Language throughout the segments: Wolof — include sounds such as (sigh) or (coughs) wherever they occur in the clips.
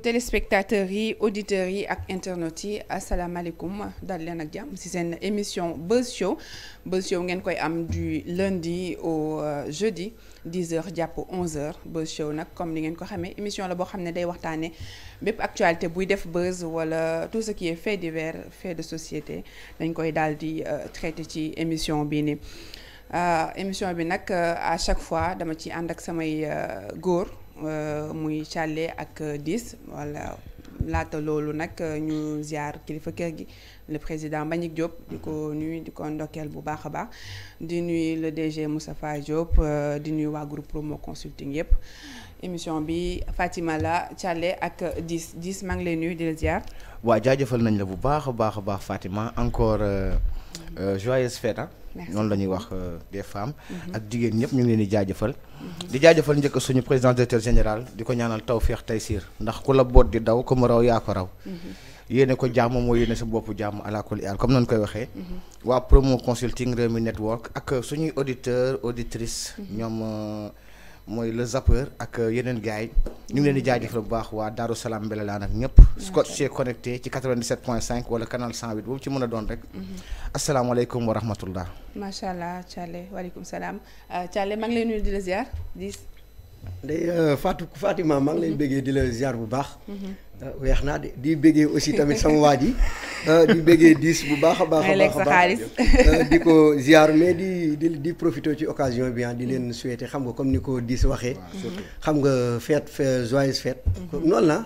téléspectateurs yi auditeurs yi ak internautes yi asalaamaaleykum daal leen ak jàmm ci seen émission Buzz Show Buzz Show ngeen koy am du lundi au euh, jeudi 10h jàpp 11h Buzz Show nag comme ni ngeen ko xamee émission la boo xam ne day waxtaane bépp actualité buy def buzz wala tout ce qui est fait divers fait de société dañ koy daal di euh, traité ci émission bii nii euh, émission bi nag à chaque fois dama ci ànd ak samay góor. Euh, muy chalet ak euh, diis laata loolu nag euh, ñu ziar kilifa kër gi le président Mbagnick Diop di ko nuyu di ko ndokkeel bu baax a baax di nuyu le DG Moustapha Diop di nuyu waa groupe promo consulting yëpp émission bi Fatima la Thialé ak Diis Diis maa ngi lay nuyu di la ziar. waaw jaajëfal nañ la bu baax a baax a baax Fatima encore. Euh, joyeuse fête ah. noonu la ñuy wax euh, de femmes. Mm-hmm. ak jigéen ñëpp ñu ngi di jaajëfal. Mm-hmm. di jaajëfal njëkk suñu président directeur di ko ñaanal tawféex taysiir ndax ku la boot di daw ku mu raw yaa ko raw. Mm-hmm. yéene ko jàmm moo yéene sa bopp jàmm alaakulli aal comme noonu koy waxee. waa promo consulting Rewmi network ak suñuy auditeurs auditrices ñoom. Euh, mooy le zappeur ak euh, yeneen gars ñu ngi leen di jaajëfal bu baax waa Darou Salaam Mbelelaan ak ñëpp. scotch cee connecté ci 97.5 wala canal 108 boobu ci mën a doon rek. Mhm. asalaamaaleykum wa rahmatullah. macha allah Thialé waaleykum salaam euh, Thialé maa ngi lay di la ziar di. ndey euh, Fatou Fatima maa ngi lay mhm. bëggee di la ziar bu baax. Mhm. Ah, weex naa de di bëggee aussi tamit sama waa ji ah, di bëggee diis bu baax a baax a baax a baax ah, di ko ziar mais di di di profité ci occasion bi di leen souhaité xam nga comme ni ko diis waxee. xam nga fête joyeuse fête. Mhm. noonu la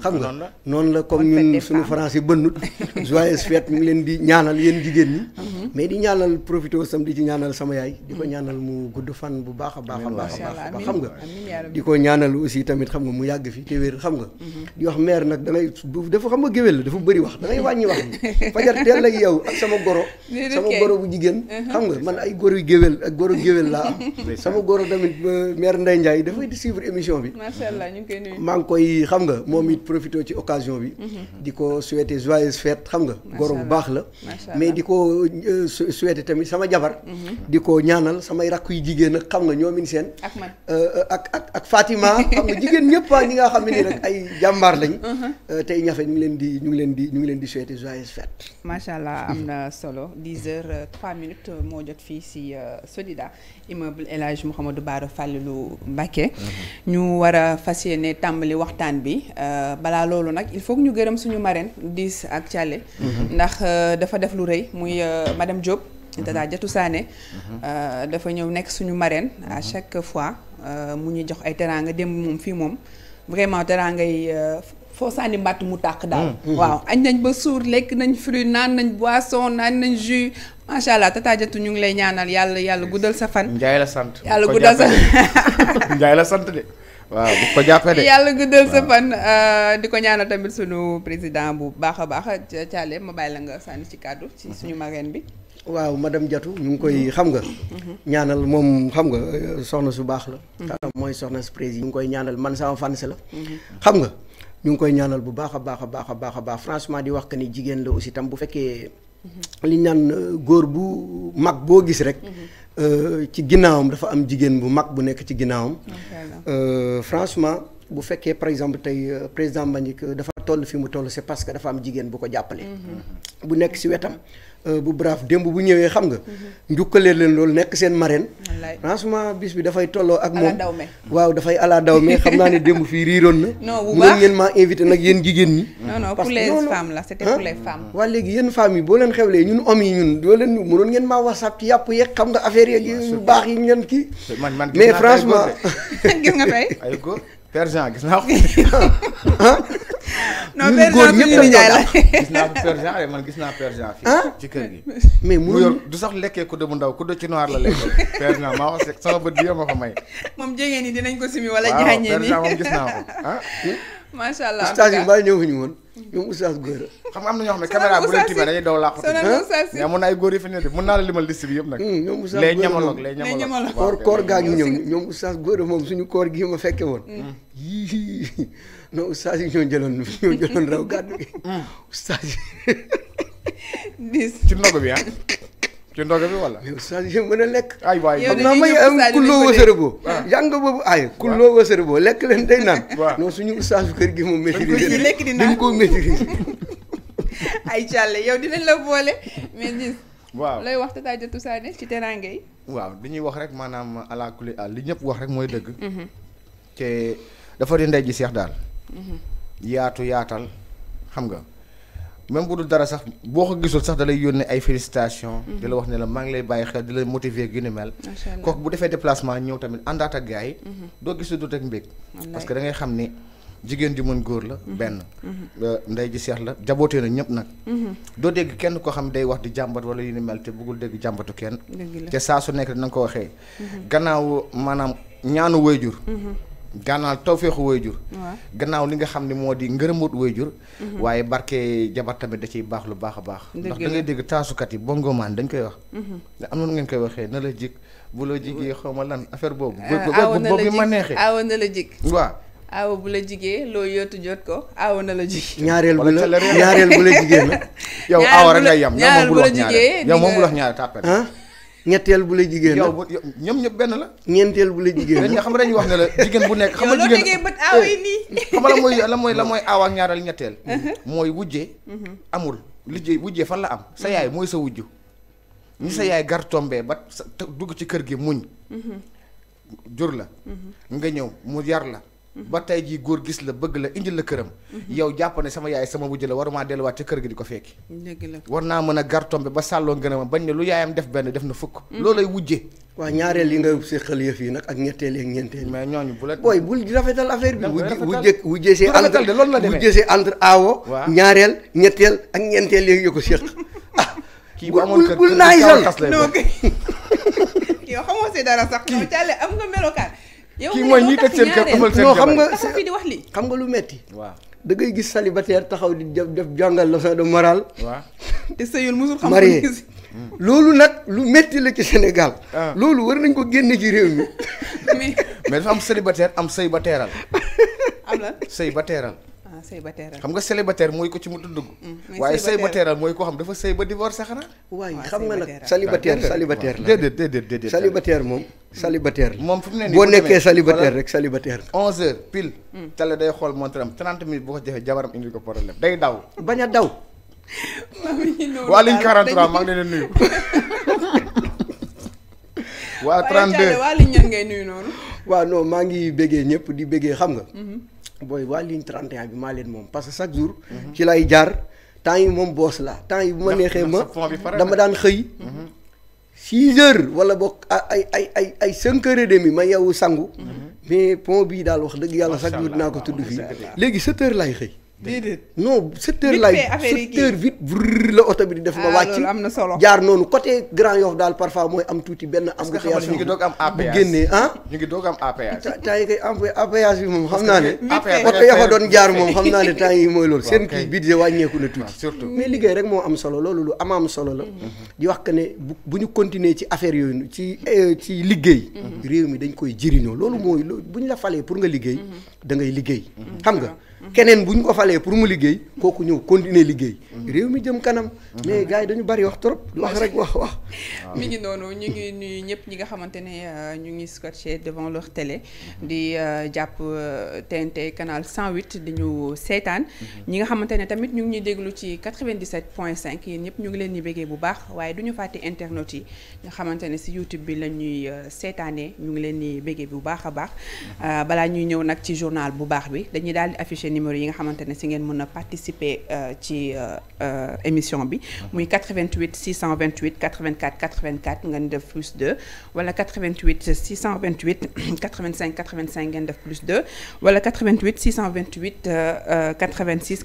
xam nga noonu la comme ñun suñu français bënnut joyeuse fête mi ngi leen di ñaanal yéen jigéen ñi. Mhm. mais di ñaanal profité sam di ci ñaanal sama yaay. di ko mhm. ñaanal mu gudd fan bu baax a baax a baax a baax xam nga. di ko ñaanal aussi tamit xam nga mu yàgg fi te wér xam nga. fajar nag da ngay dafa xam nga géwél la dafa bëri wax da ngay wàññi wax bi fajar teel la yow ak sama goro sama goro bu jigéen xam nga man ay goro yu géwél ak goro géwél laa am sama goro tamit mère Ndeye Ndiaye dafay di émission bi macha allah ñu ngi koy nuyu maa ngi koy xam nga moom it profité ci occasion bi mhm. di ko souhaité joyeuse fête xam nga goro bu baax la mais di ko euh, souhaité tamit sama jabar mhm. di ko ñaanal samay rakk yu jigéen ak xam nga ñoomin seen euh, euh, ak ak ak Fatima xam nga jigéen ñëpp ñi nga xam ne nii rek ay jàmbaar Mm-hmm. Euh, tey ñafe ñu ngi leen di ñu ngi leen di ñu ngi leen di macha allah am na solo dix heures euh, trois minutes euh, moo jot fii si Sodida immeuble El Hadj Mouhamadou Bara lu Mbacké mm-hmm. ñu war a fas yéene tàmbali waxtaan bi balaa loolu nag il faut ñu gërëm suñu marraine diis ak càlle mm-hmm. ndax dafa def lu rëy muy madame Diop. Tata Jatou Sané dafa ñëw nekk suñu marraine chaque fois mu ñuy jox ay teraanga démb moom fii moom vraiment teraanga foo sànni mbàtt mu tàq daal mm. mm-hmm. waaw añ nañ ba suur lekk nañ fruit naan nañ boisson naan nañ jus macha allah tata Jaatu ñu ngi lay ñaanal yàlla yàlla guddal sa fan Njaay la sant yàlla guddal sa (laughs) la sant de waaw bu ko yàlla guddal sa fan euh, di ko ñaanal tamit sunu président bu baax a baax Thialé ma bàyyi la nga sànni ci kàddu ci mm-hmm. suñu marraine bi waaw ma dem Diatou ñu ngi koy mm-hmm. xam nga ñaanal moom xam nga euh, soxna su baax la mooy soxna su président ñu ngi koy ñaanal man sama fans la xam nga ñu ngi koy ñaanal bu baax a baax a baax a baax a baax franchement di wax que ni jigéen la aussi tam bu fekkee. liñ naan euh, góor bu mag boo gis rek. Mhm. Euh, ci ginnaawam dafa am jigéen bu mag bu nekk ci ginnaawam. Euh, franchement bu fekkee par exemple tey président Mbagnick dafa toll fi mu toll si parce que dafa am jigéen bu ko jàppale. Mhm. bu nekk si wetam. Euh, bu brave démb bu ñëwee xam nga. Mhm. njukkalee leen loolu nekk seen marraine. franchement bis bi dafay tolloo ak moom waaw dafay ala daw xam naa ne démb fii riiroon na. non bu ngeen maa invité nag yéen jigéen ñi. non non pour les femmes la c'était pour les femmes. waa léegi yéen femmes yi boo leen xewlee ñun hommes yi ñun doo leen mënoon ngeen maa whatsapp ci yàpp yeeg xam nga affaire yeeg yu baax yi ngeen kii. mais franchement (laughs) gis nga tey. Père Jean gis naa ko. (laughs) non Père Jean suñu nijaay la gis naa ko Père man gis naa Père Jean fii ah. ci kër gi. mais mu yor du sax lekkee ku de bu ndaw ku ci noir la lekkee (laughs) Père Jean maa ko seq bët bi ma ko may. moom jege nii dinañ ko simi wala. jaañe ni moom gis naa ko ah. (laughs) macha allah en tout cas ñëwuñu woon. ñoom oustaz góor xam nga am na ñoo xam ne caméra bu leen tibbee dañuy daw làqu mais amoon na ay góor ne de yëpp nag ñoom hmm, oustaz lay ñamaloog lay ñamaloog koor koor gaa ngi ñëw ñoom oustaz góor moom koor gi ma fekke woon yii hmm. hmm. (laughs) non oustaz yi ñoo jëloon ñoo jëloon raw gàddu gi oustaz yi ci ndogu ah. ci ndoga bi wala. yow Sadio mën a lekk. ay waay yow dañuy may am kulloo wasare boo. jàng boobu ay kulloo wasare boo lekk leen day naan. (laughs) waaw non suñu ustaasu kër gi moom maîtriser dañ lekk di naan dañ koo maîtriser. (laughs) ay càlle yow dinañ la boole mais gis. waaw looy wax Tata Diatou Sané ci teraange yi. waaw li ñuy wax rek maanaam ala kulli li ñëpp wax rek mooy dëgg. Mm-hmm. te dafa di ndey ji seex daal. Mm-hmm. yaatu yaatal xam nga. même bu dul dara sax boo ko gisul sax da yónnee ay félicitations. Mhm. di la wax ne la maa ngi lay bàyyi xel di la motiver gi ni mel. kooku bu defee déplacement ñëw tamit àndaat ak gars yi. Mhm. doo gis du teg mbég. parce que xam ni jigéen ju mën góor la mhm. benn. Euh, ndey ji seex la jabootee na ñëpp nag. doo dégg kenn koo xam day wax di jàmbat wala yu ni mel te bëggul dégg jàmbatu kenn. te saa su nekk na nga ko waxee. gannaaw maanaam ñaanu wayjur gànnaal tawféexu waajur gannaaw li nga xam ne moo di ngërëmut waajur mhm. waaye barke jabar tamit da ciy baax lu baax a baax ndax da ngay dégg taasukat yi bongomaan dañ koy wax mhm. ne am na ngeen koy waxee na la jik bu la jigee xaw ma lan affaire boobu ah, boobu ma neexee aawa na la jik waaw aawa bu la jigee loo yootu jot ko aawa na la jig ñaareel bu la ñaareel bu la jigee na (laughs) yow aawa rek ngay yam yow bu la wax ñaareel yow moom bu la wax ñaareel tàppale ñetteel bu la jigéen la yow ñoom benn la. ñeenteel bu la jigéen la xam nga dañuy wax ne la jigéen bu nekk. xam nga jigéen bët aaw yi nii. (laughs) xam la mooy la mooy la mooy ak ñaareel ñetteel. Uh-huh. mooy wujje. Uh-huh. amul lijje wujje fan la am. sa uh-huh. yaay mooy sa wujju. ñi sa yaay gar tombee ba dugg ci kër gi muñ. jur la. nga ñëw mu yar la. ba tey jii góor gis la bëgg la indil la këram. yow jàpp sama yaay sama wujj la waruma delluwaat ci kër gi di ko fekki. war naa mën a gar tombe ba sàlloo ngën a ma bañ ne lu yaayam def benn def na fukk. loolay wujje waaw ñaareel yi nga séqal yëf yi nag ak ñetteel yi ak ñeenteel yi. mais ñooñu la booy bul rafetal affaire bi. rafetal wujje wujje see entre wujje see entre aawo. ñaareel ñetteel ak ñeenteel yi yu ko séq. (laughs) Ah, kii bu amoon kër gi bu bu bu naay yow xamoo si dara sax. kii am nga melokaan kii mooy ñi teg seen kër amal seen non xam nga xam nga lu metti waaw da ngay gis célibataire taxaw di def def jàngal leçon de morale waaw te sëyul musul xam marié hmm. nag lu metti la ci Sénégal ah. loolu war nañ ko génne ci réew mi (laughs) (laughs) mais dafa am célibataire am sëy ba teeral (laughs) am lan sëy ba teeral ah, sëy ba teeral xam nga célibataire mooy ko ci mu dugg hmm, waaye sëy ba teeral mooy ko xam dafa sëy ba divorcé xanaa waaye xam nga nag célibataire célibataire la déedéet déedéet déedéet célibataire moom célibataire la moom fu mu ne nii boo nekkee célibataire rek célibataire la. 11h pile. tale day xool montre am mille boo bu ko defee jabaram indi day daw. bañ a daw. (laughs) waa ligne 43 maa ngi leen di (laughs) ngay nuyu noonu. waa non maa ngi béggee ñëpp di béggee xam nga. Mhm. booy waa ligne 31 bi maa leen moom parce que chaque jour. ci lay jaar temps yi moom boos la temps yi bu ma neexee ma dama daan xëy. Mhm. six heures wala boog ay ay ay ay cinq heures et demi ma yeewu sangu mhm. mais pont bii daal wax dëgg yàlla chaque jour naa ko tudd fii léegi sept heures laay xëy déedéet non sept heures laay sept heures vite la oto bi di def nga ah, wàcc am na solo jaar noonu côté Grand Yoff daal parfois mooy am tuuti benn embouteillage ñu ngi doog am APS bu génnee ah? ngi doog am APS temps yi kay APS bi moom xam naa ne oto ya fa doon jaar moom xam naa ne (laughs) temps yi mooy loolu seen kii budget wàññeeku na tuuti ah, surtout mais liggéey rek moo am solo loolu am solo la di wax que ne bu ñu continuer ci affaire yooyu ci euh, ci liggéey mhm. réew mi dañ koy jëriñoo loolu mooy bu ñu la falee pour nga liggéey mhm. da ngay liggéey mhm. xam nga keneen bu ñu ko falee pour mu liggéey kooku ñëw continuer liggéey mm-hmm. réew mi jëm kanam mm-hmm. mais gars yi dañu bari wax trop wax rek wax wax (laughs) mi ngi noonu ñu ngi nuyu ñëpp ñi nga xamante ne euh, ñu ngi scotché devant leur télé mm-hmm. di euh, jàpp TNT euh, canal 108 di ñu seetaan ñi nga xamante ne tamit ñu ngi ñuy déglu ci 97 point 5 yéen ñëpp ñu ngi leen di béggee bu baax waaye du ñu fàtte internet yi nga xamante ne si YouTube bi la ñuy seetaanee ñu ngi leen di béggee bu baax a baax balaa ñuy ñëw nag ci journal bu baax bi dañuy daal di numéro yi nga xamante ne si ngeen mën a participer euh, ci euh, euh, émission bi mhm. muy 88 628 84 84 ngeen def plus 2 wala 88 628 85 85 ngeen def plus 2 wala 88 628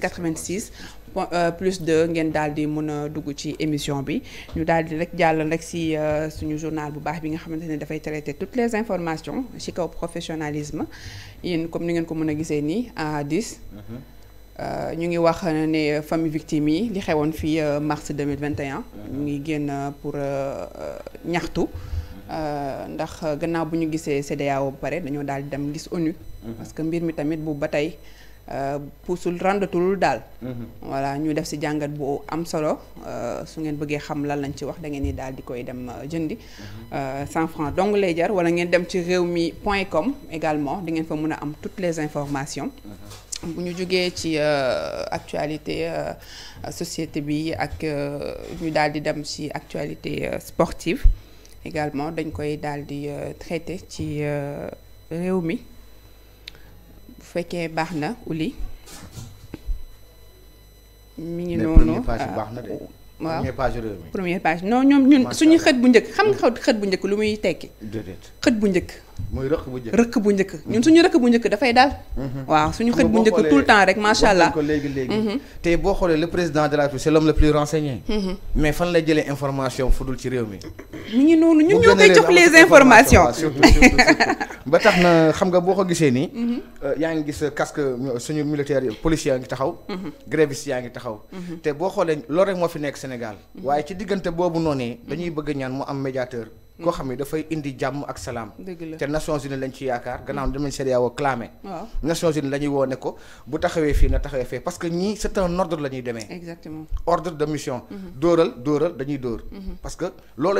86 86 Euh, plus de ngeen daal di mën a dugg ci émission bi ñu daal di rek jàll rek si euh, suñu journal bu baax bi nga xamante ne dafay traiter toutes les informations ci kaw professionnalisme yéen comme ni ngeen ko mën a gisee nii à 10. Mhm. Euh, ñu ngi wax ne famille victime yi li xewoon fii mars 2021. Mhm. ñu ngi génn pour ñaxtu. Mhm. ndax gannaaw bu ñu gisee CEDEAO ba pare dañoo daal di dem gis ONU. parce que mbir mi tamit bu ba tey. Euh, puusul randatul daal. Mhm. voilà ñu def si jàngat bu am solo euh, su ngeen bëggee xam lan lañ ci wax da ngeen di daal di koy dem euh, jëndi. 100 mhm. francs dong lay jar wala ngeen dem ci réew mi point com également di ngeen fa mën a am toutes les informations. Mhm. bu ñu jógee ci actualité société bi ak ñu daal di dem ci actualité sportive également dañ koy daal di traité ci réew mi. bu fekkee baax na uli mi ngi noonu euh, waaw première page réew mi première page non ñoom ñun suñu xët bu njëkk xam nga xët bu njëkk lu muy tekki. xët bu njëkk. mooy rëq bu njëkk rëq bu njëkk ñun suñu rëq bu njëkk dafay daal. Mhm. waaw suñu xët bu njëkk tout le temps rek macha allah ko léegi léegi. Mhm. tey boo xoolee le président de la République c'est l'homme le plus renseigné. Mhm. mais fan lay jëlee information fudul ci réew mi. mi ngi noonu ñun ñoo koy jox les informations (laughs) ba euh, moo fi nekk Sénégal. waaye ci diggante boobu noonu dañuy bëgg ñaan mu am médiateur koo xam ne dafay indi jàmm ak salaam. te Nations Unies lañ ci mm. ko bu taxawee fii na taxawee fee parce ñii c'est ordre la ñuy ordre de mission. Mm-hmm. dóoral dóoral dañuy dóor. Mm-hmm. parce que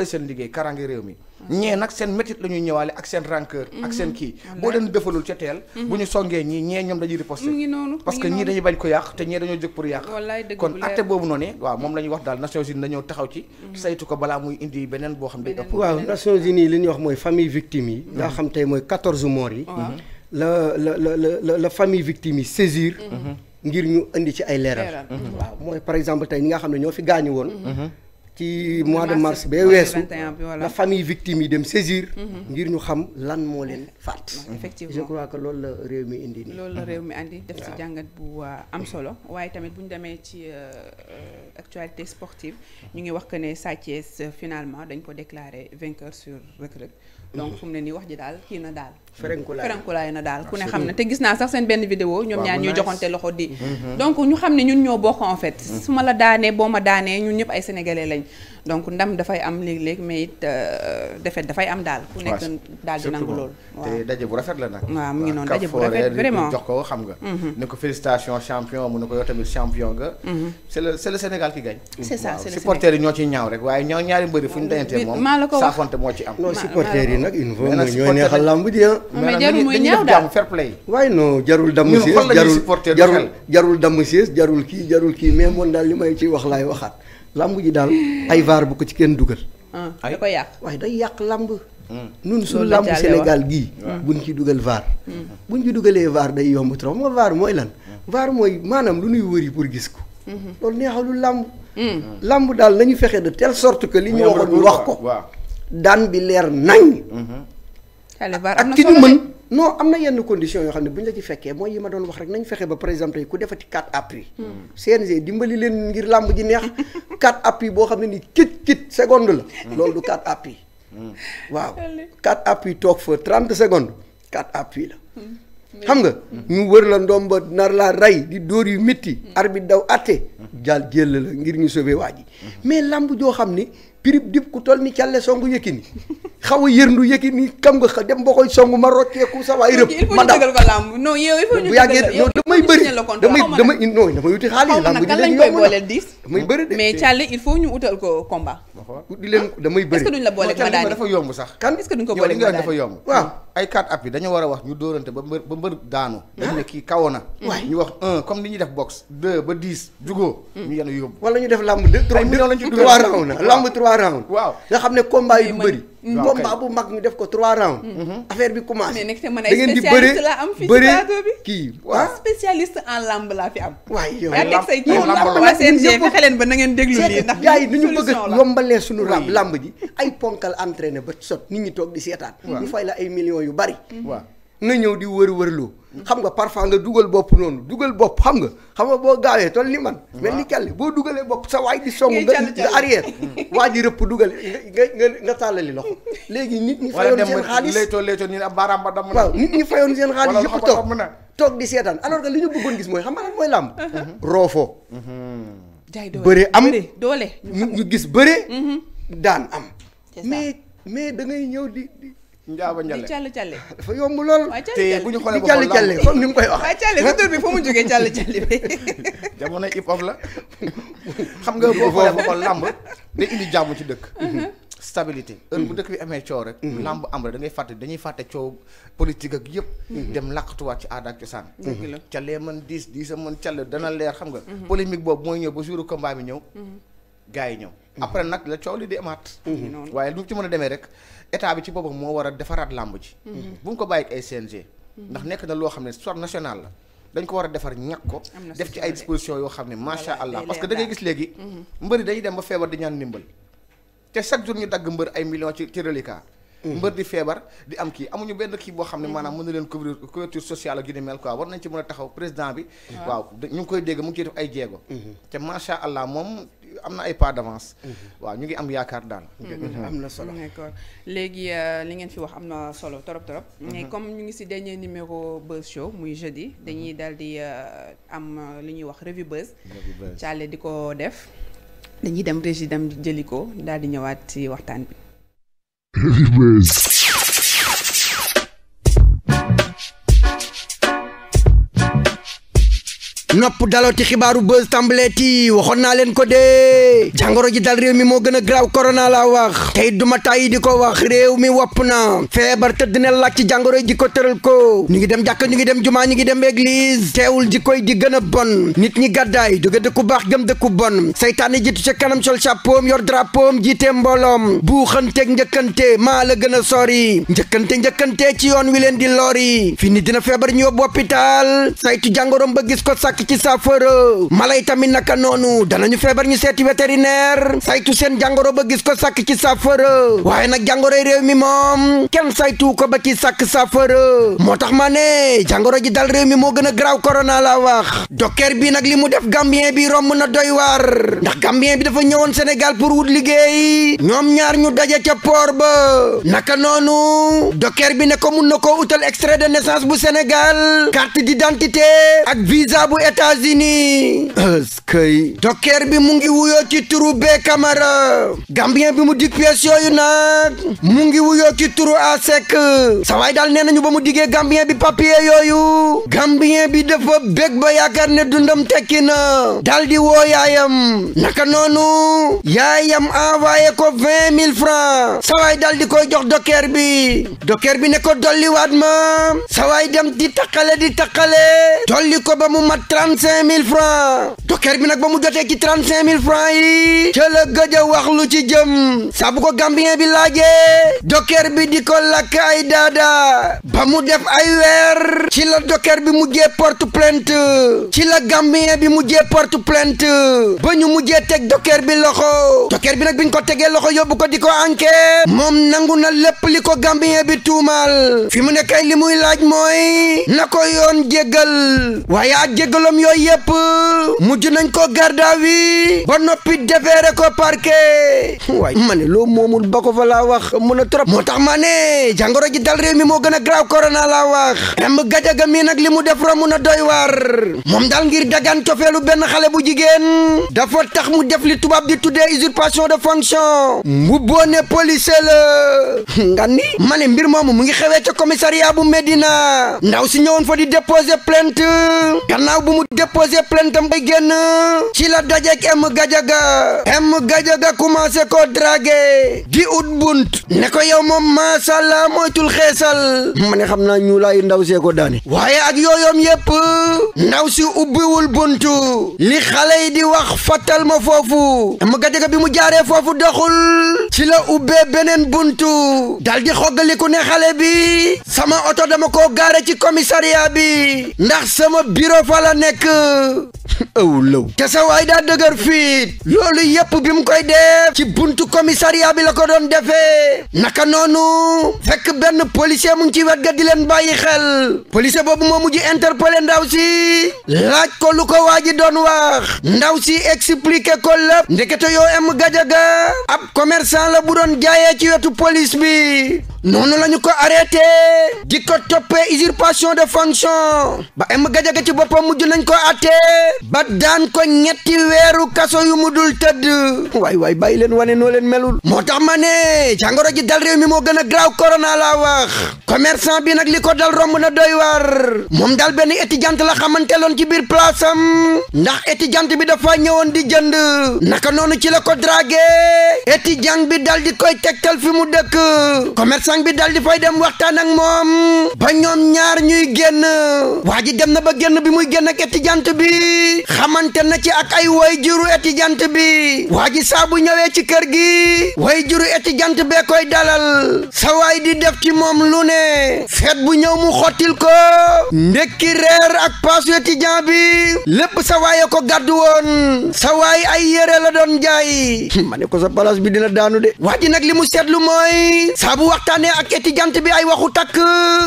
seen liggéey kaaraange réew mi. Mm-hmm. ñee nag seen métit la ñëwaale ak seen rancœur. ak seen kii boo leen defalul ca teel. bu ñu songee ñii ñee ñoom dañuy riposter. parce ñii dañuy bañ ko yàq te ñee dañoo jóg pour yàq. kon acte boobu noonu waaw moom la wax daal Nations Unies xam Nations Unies li ñuy wax mooy famille victime yi. nga xam tey mooy quatorze morts yi. Mhm. la la la la la famille victime yi saisir. Mhm. ngir ñu indi ci ay leeral. waaw mhm. mooy par exemple tey ñi nga xam ne ñoo fi gaañu woon. ci mois de mars ba weesu la famille victime yi dem saisir. Mhm. ngir ñu xam lan moo leen faat. effectivement je crois que loolu la réew mi indi. loolu la réew mi indi def ci jàngat bu euh, am solo waaye tamit bu ñu demee ci euh, euh, actualité sportive ñu ngi wax que ne Sa finalement dañ ko déclaré vainqueur sur Reug Reug donc fu mu ne nii wax ji daal kii na daal. ferenkulaay na daal ku ne xam ne te gis naa sax seen benn vidéo ñoom mhm. ñu ñoo bokk en fait mhm. su ma la daanee boo ma daanee ñun ñëpp ay sénégalais lañ donc ndam am léeg-léeg mais it euh, défaite dafay am daal ku nekk daal di nangu loolu bu rafet la nag waaw mu ngi noonu daje bu rafet vraiment jox ko xam nga mhm. ko félicitation champion mu ne ko yow tamit champion nga c'est ñoo ciy ñaaw rek waaye ñoo ñaari mbëri fu ñu dajante moom maa la ko wax saafonte moo ci am non yi nag une ñoo neexal lamb ji ah. mais jarul muy ñaaw daal fair play waaye non jarul damm siis jarul jarul damm siis jarul kii jarul kii mais moom daal li may ciy wax laay waxaat làmb ji daal ay vaar bu ko ci kenn dugal ah, da ko yàq waaye day yàq làmb hmm. nun suñu làmb Sénégal gii hmm. buñ ci dugal vaar hmm. buñ ci dugalee vaar day yomb trop moo vaar mooy lan vaar mooy maanaam lu nuy wëri pour gis ko loolu neexalul làmb làmb daal nañu fexe de telle sorte que li ñu waxoon wax ko daan bi leer nañ ak ki ñu mën non am na yenn condition yoo xam ne bu ñu la ci fekkee mooy yi ma doon wax rek nañ fexe ba par exemple ku defati quatre appuis hmm. CNG dimbali leen ngir làmb ji neex (laughs) quatre appuis boo xam ne ni kit kit seconde la hmm. loolu du quatre appuis hmm. waaw quatre appuis toog fa trente secondes quatre appuis la xam nga ñu wër la ndomba nar laa rey di dóor yu métti arbitre daw atte jaal jël la ngir ñu sauver waa ji mais làmb joo xam ni pirip dip ku toll ni càlle songu Yékini xaw a yërndu Yékini kam nga dem boo koy songu ma rocceeku sa waay rëb ma dal ko làmb non yow il faut ñu bu yàggee non damay bëri damay damay non damay wuti xaalis làmb di leen yomb na damay bëri de mais càlle il faut ñu utal ko combat di leen damay bëri est-ce que duñ la boole ak Madani dafa yomb sax kan est-ce que duñ ko boole ak Madani dafa yomb waaw ay quatre appuis dañu war a wax ñu dóorante ba mbër ba mbër daanu ah. dañ ne kii kawo na ñu wax un comme ni ñuy def box deux ba dix jugoo hmm. ñu yenu yóbbu wala ñu def làmb trois round làmb trois trois rounds. waaw nga xam ne combat yu bëri. Mm. combat bu mag ñu def ko trois rounds. Mm. Mm-hmm. affaire bi commencé. mais nag te man ay spécialiste la am fii ci plateau bi kii waaw ah, spécialiste en lamb laa fi am. waay yow yaa teg say jiw waa ba na ngeen déglu lii ndax gars yi nu bëgg a yombalee suñu lamb lamb ji ay ponkal entraîné ba sot nit ñi toog di seetaan. ñu fay la ay millions yu bari. na ñëw di wër wërloo xam nga parfois nga dugal bopp noonu dugal bopp xam nga xam nga boo gaalee toll ni man mel ni kell boo dugalee bopp sa waay di song nga nga arrière waa ji rëpp dugal nga nga nga léegi nit ñi fayoon seen xaalis lay toll lay toll ñu ne baaraam ba damm na waaw nit ñi fayoon seen xaalis yëpp toog toog di seetaan alors que li ñu bëggoon gis mooy xam nga lan mooy làmb uh-huh. roofoo mm-hmm. bëre am doole ñu gis bëre mm-hmm. daan am mais mais da ngay ñëw di Njaaba Njale di Calle Calle. (laughs) dafa yomb lool. te bu ñu xoolee (laughs) ni mu koy wax. waaw Calle sa tur bi fu mu jógee Calle Calle bi. (laughs) jamono hip hop la. xam nga boo xoolee ba xool làmb day indi jàmm ci dëkk. Mhm. stabilité. heure bu mhm. dëkk bi amee coow rek. Mhm. làmb am rek da ngay fàtte dañuy fàtte coow politique ak yëpp. dem làqatuwaat ci aada ak cosaan. dëgg la Calle man diis diis a man Calle dana leer xam nga. polémique boobu mooy ñëw ba jour combat bi ñëw. gars yi ñëw. Mhm. après nag la coow li di amaat. Mhm. waaye lu mu ci mën a demee rek état bi ci boppam moo war a defaraat làmb ji. Mhm. bu ñu ko bàyyi ay CNG. ndax nekk na loo xam ne sport national la. dañ ko war a defar ñàkk ko def ci ay disposition yoo xam ne macha allah parce que dangay gis léegi mbëri dañuy dem ba feebar di ñaan ndimbal te chaque jour ñu dagg mbër ay millions ci ci reliquat mbër di feebar di am kii amuñu benn kii boo xam ne maanaam mën na leen couvrir couverture sociale ak yu ni mel quoi war nañ taxaw président bi waaw ñu koy dégg mu ngi ciy macha allah moom am na ay pas d'avance. Mhm. waaw ñu ngi am yaakaar daal. Mhm. am na solo d'accord léegi euh, li ngeen fi wax am na solo torop torop. Mhm. mais comme ñu ngi ci dernier numéro Buzz Show muy jeudi dañuy daal di euh, am euh, li ñuy wax revue Buzz. Thialé di ko def. dañuy dem régie dem jëli ko daal di ñëwaat ci waxtaan bi. nopp dalooti xibaaru buzz tàmbaleeti waxoon naa leen ko dee jàngoro ji dal réew mi moo gën a graaw corona laa wax tey duma tàyyi di ko wax réew mi wopp na feebar tëdd na laaj ci jàngoro ji ko tëral ko ñu ngi dem jàkka ñu ngi dem jumaa ñu ngi dem église teewul ji koy di gën a bon nit ñi gàddaay jóge dëkku baax gëm dëkku bon saytaane ji ca kanam sol chapeau yor drapeau jiite mbooloom buuxanteeg njëkkante maa la gën a sori njëkkante njëkkante ci yoon wi leen di lori fini dina feebar ñu yóbbu hôpital saytu jàngoroom ba gis ko sàkk ci saafara mala yi tamit naka noonu danañu feebar ñu seeti vétérinaire saytu seen jàngoro ba gis ko sàkk ci saafara waaye nag jàngoro réew mi moom kenn saytu ko ba ci sàkk saafara moo tax ma ne jàngoro ji dal réew mi moo gën a graaw corona la wax dokkeer bi nag li mu def gambien bi romb na doy waar ndax gambien bi dafa ñëwoon Sénégal pour wut liggéey ñoom ñaar ñu daje ca port ba naka noonu dokkeer bi ne ko mun na ko utal extrait de naissance bu Sénégal carte d'identité États-Unis (coughs) eskey dokkeer bi mu ngi wuyoo ci turu bee Camara gambien bi mu dig pièces yooyu nag mu ngi wuyoo ci turu sek sawaay daal nee nañu ba mu digee gambien bi papier yooyu gambien bi dafa bek ba yaakaar dundam tekki na daal di woo yaayam naka noonu yaayam envoyé ko vingt mille francs sawaay daal di koy jox dokkeer bi dokkeer bi ne ko dolliwaat ma sawaay dem di takkale di takkale dolli ko ba mu mat trente cinq mille francs docker bi nag ba mu jotee ci trente cinq mille francs yi ca la gëj a wax lu ci jëm saa ko gambien bi laajee docker bi di ko lakk ay daada ba mu def ay weer ci la docker bi mujjee porte plainte ci la gambien bi mujjee porte plainte ba ñu mujjee teg docker bi loxo docker bi nag biñ ko tegee loxo yóbbu ko di ko enquête moom nangu na lépp li ko gambien bi tuumaal fi mu ne kay li muy laaj mooy na ko yoon jéggal waaye ak jéggal problème yooyu yëpp mujj nañ ko garde à vue ba noppi defeere ko parquet (laughs) waaye ma loo moomul ba ko fa laa wax mun a trop moo tax ma ne jàngoro ji dal réew mi moo gën a graaw corona laa wax dem gajaga mi nag li mu def ra mun a doy waar moom daal ngir dagaan cofeelu benn xale bu jigéen dafa tax mu def li tubaab di de usurpation de fonction mu boone police (laughs) nga ni ma ne mbir moomu mu ngi xewee ca commissariat bu Médina ndaw si ñëwoon fa di déposer plainte gannaaw mu déposé plainte am day génn ci la dajeek M Gajaga M Gajaga commencé koo dragué di ut bunt ne ko yow moom maasàlla moytul xeesal ma ne xam naa ñu laay ndaw see ko daane waaye ak yooyoom yépp ndaw si ubbiwul bunt li xale yi di wax fattal ma foofu M Gajaga bi mu jaaree foofu doxul ci la ubbee beneen buntu dal di xoggaliku ne xale bi sama oto dama koo gaare ci commissariat bi ndax sama bureau fa nekk aw law te sa waay daa dëgër fiit loolu yëpp bi mu koy def ci buntu commissariat bi la ko doon defee naka noonu fekk benn policier mu ngi ci wet ga di leen bàyyi xel policier boobu moo mujj interpeller ndaw si laaj ko lu ko waa ji doon wax ndaw si expliquer ko lépp ndekete yoo am gajaga ab commerçant la bu doon jaayee ci wetu police bi noonu la ko arrêté di ko toppee usurpation de fonction ba M Gadiaga ci boppam mujj nañ ko attee ba daan ko ñetti weeru kaso yu mu dul tëdd waay waay bay leen wane noo leen melul moo tax ma ne jàngoro ji dal réew mi moo gën a graaw corona la wax commerçant bi nag li ko dal romb na doy waar moom daal benn étudiant la xamante loon ci biir place am ndax étudiant bi dafa ñëwoon di jënd naka noonu ci la ko dragué étudiant bi dal di koy tegtal fi mu dëkk sang bi dal di fay dem waxtaan moom ba ñoom ñaar ñuy génn waa ji dem na ba génn bi muy génn ak étudiante bi xamante na ci ak ay way juru étudiante bi waa ji saa bu ci kër gi way juru étudiante bee koy dalal sa waay di def ci moom lu ne feet bu ñëw mu xottil ko ndekki reer ak paasu étudiant bi lépp sa waaye ko gàddu woon sa waay ay yére la doon jay (laughs) ma ne ko sa palaas bi dina daanu de waa ji li mu seetlu mooy saa bu waxtaan waxtaane ak bi ay waxu takk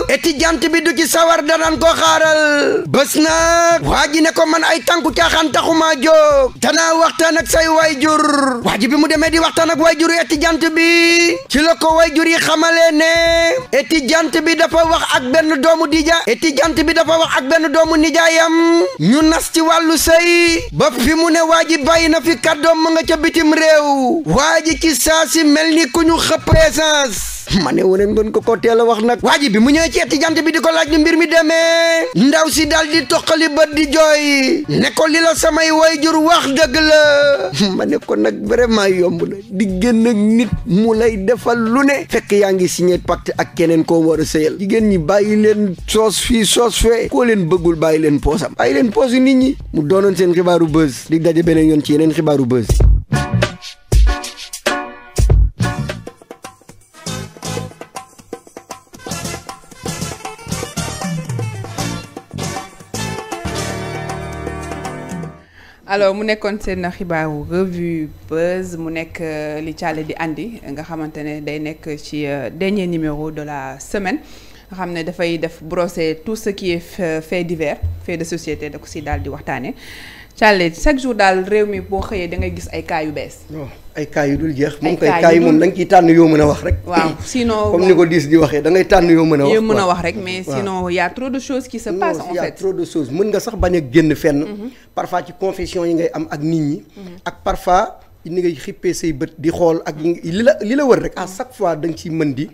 étudiante bi du ci sawar danaan ko xaaral bés nag ji ne ko man ay tànku caaxaan taxumaa jóg danaa waxtaan ak say waajur waa ji mu demee di waxtaan ak waajur étudiante bi ci la ko waajur yi xamalee ne étudiante bi dafa wax ak benn doomu dija étudiante bi dafa wax ak benn doomu nijaayam ñu nas ci wàllu sëy ba fi mu ne waa ji bàyyi na fi kàddoom nga ca bitim réew waa ji ci saa si mel ni ku ñu xëpp essence ma ne wonen ngeen ko ko teel a wax nag waa bi mu ñëwee ci etti jant bi di ko laaj ñu mbir mi demee ndaw si daal di toqali bët di jooy ne ko li la samay wayjur wax dëgg la (laughs) ma ne ko nag vraiment yomb la di génn ak nit mu lay defal lu ne fekk yaa ngi signé pacte ak keneen ko war a sëyal jigéen ñi bàyyi leen soos fii soos fee koo leen bëggul bàyyi leen poosam bàyyi leen poosu nit ñi mu doonoon seen xibaaru buzz di daje beneen yoon ci yeneen xibaaru buzz alors mu nekkoon seen xibaaru revue buzz mu nekk euh, li Thialé di indi nga xamante ne day nekk ci euh, dernier numéro de la semaine nga xam ne dafay def brosser tout ce qui est euh, fait divers fait de société da ko si daal di waxtaane challenge chaque jour daal réew mi boo xëyee da ngay gis ay cas yu bees. ay cas yu dul jeex. moom kay cas moom da tànn yoo mën a wax rek. waaw sinon comme ni ko diis di waxee da ngay tànn yoo mën a. wax yoo mën a wax rek mais sinon y' a trop de choses qui se passent en fait. y' a trop nga sax bañ a génn fenn. Mhm. parfois ci confession yi ngay am ak nit ñi. Mhm. ak parfois. ni ngay xippee say bët di xool ak li la li la wër rek à chaque fois danga ci ciy mën di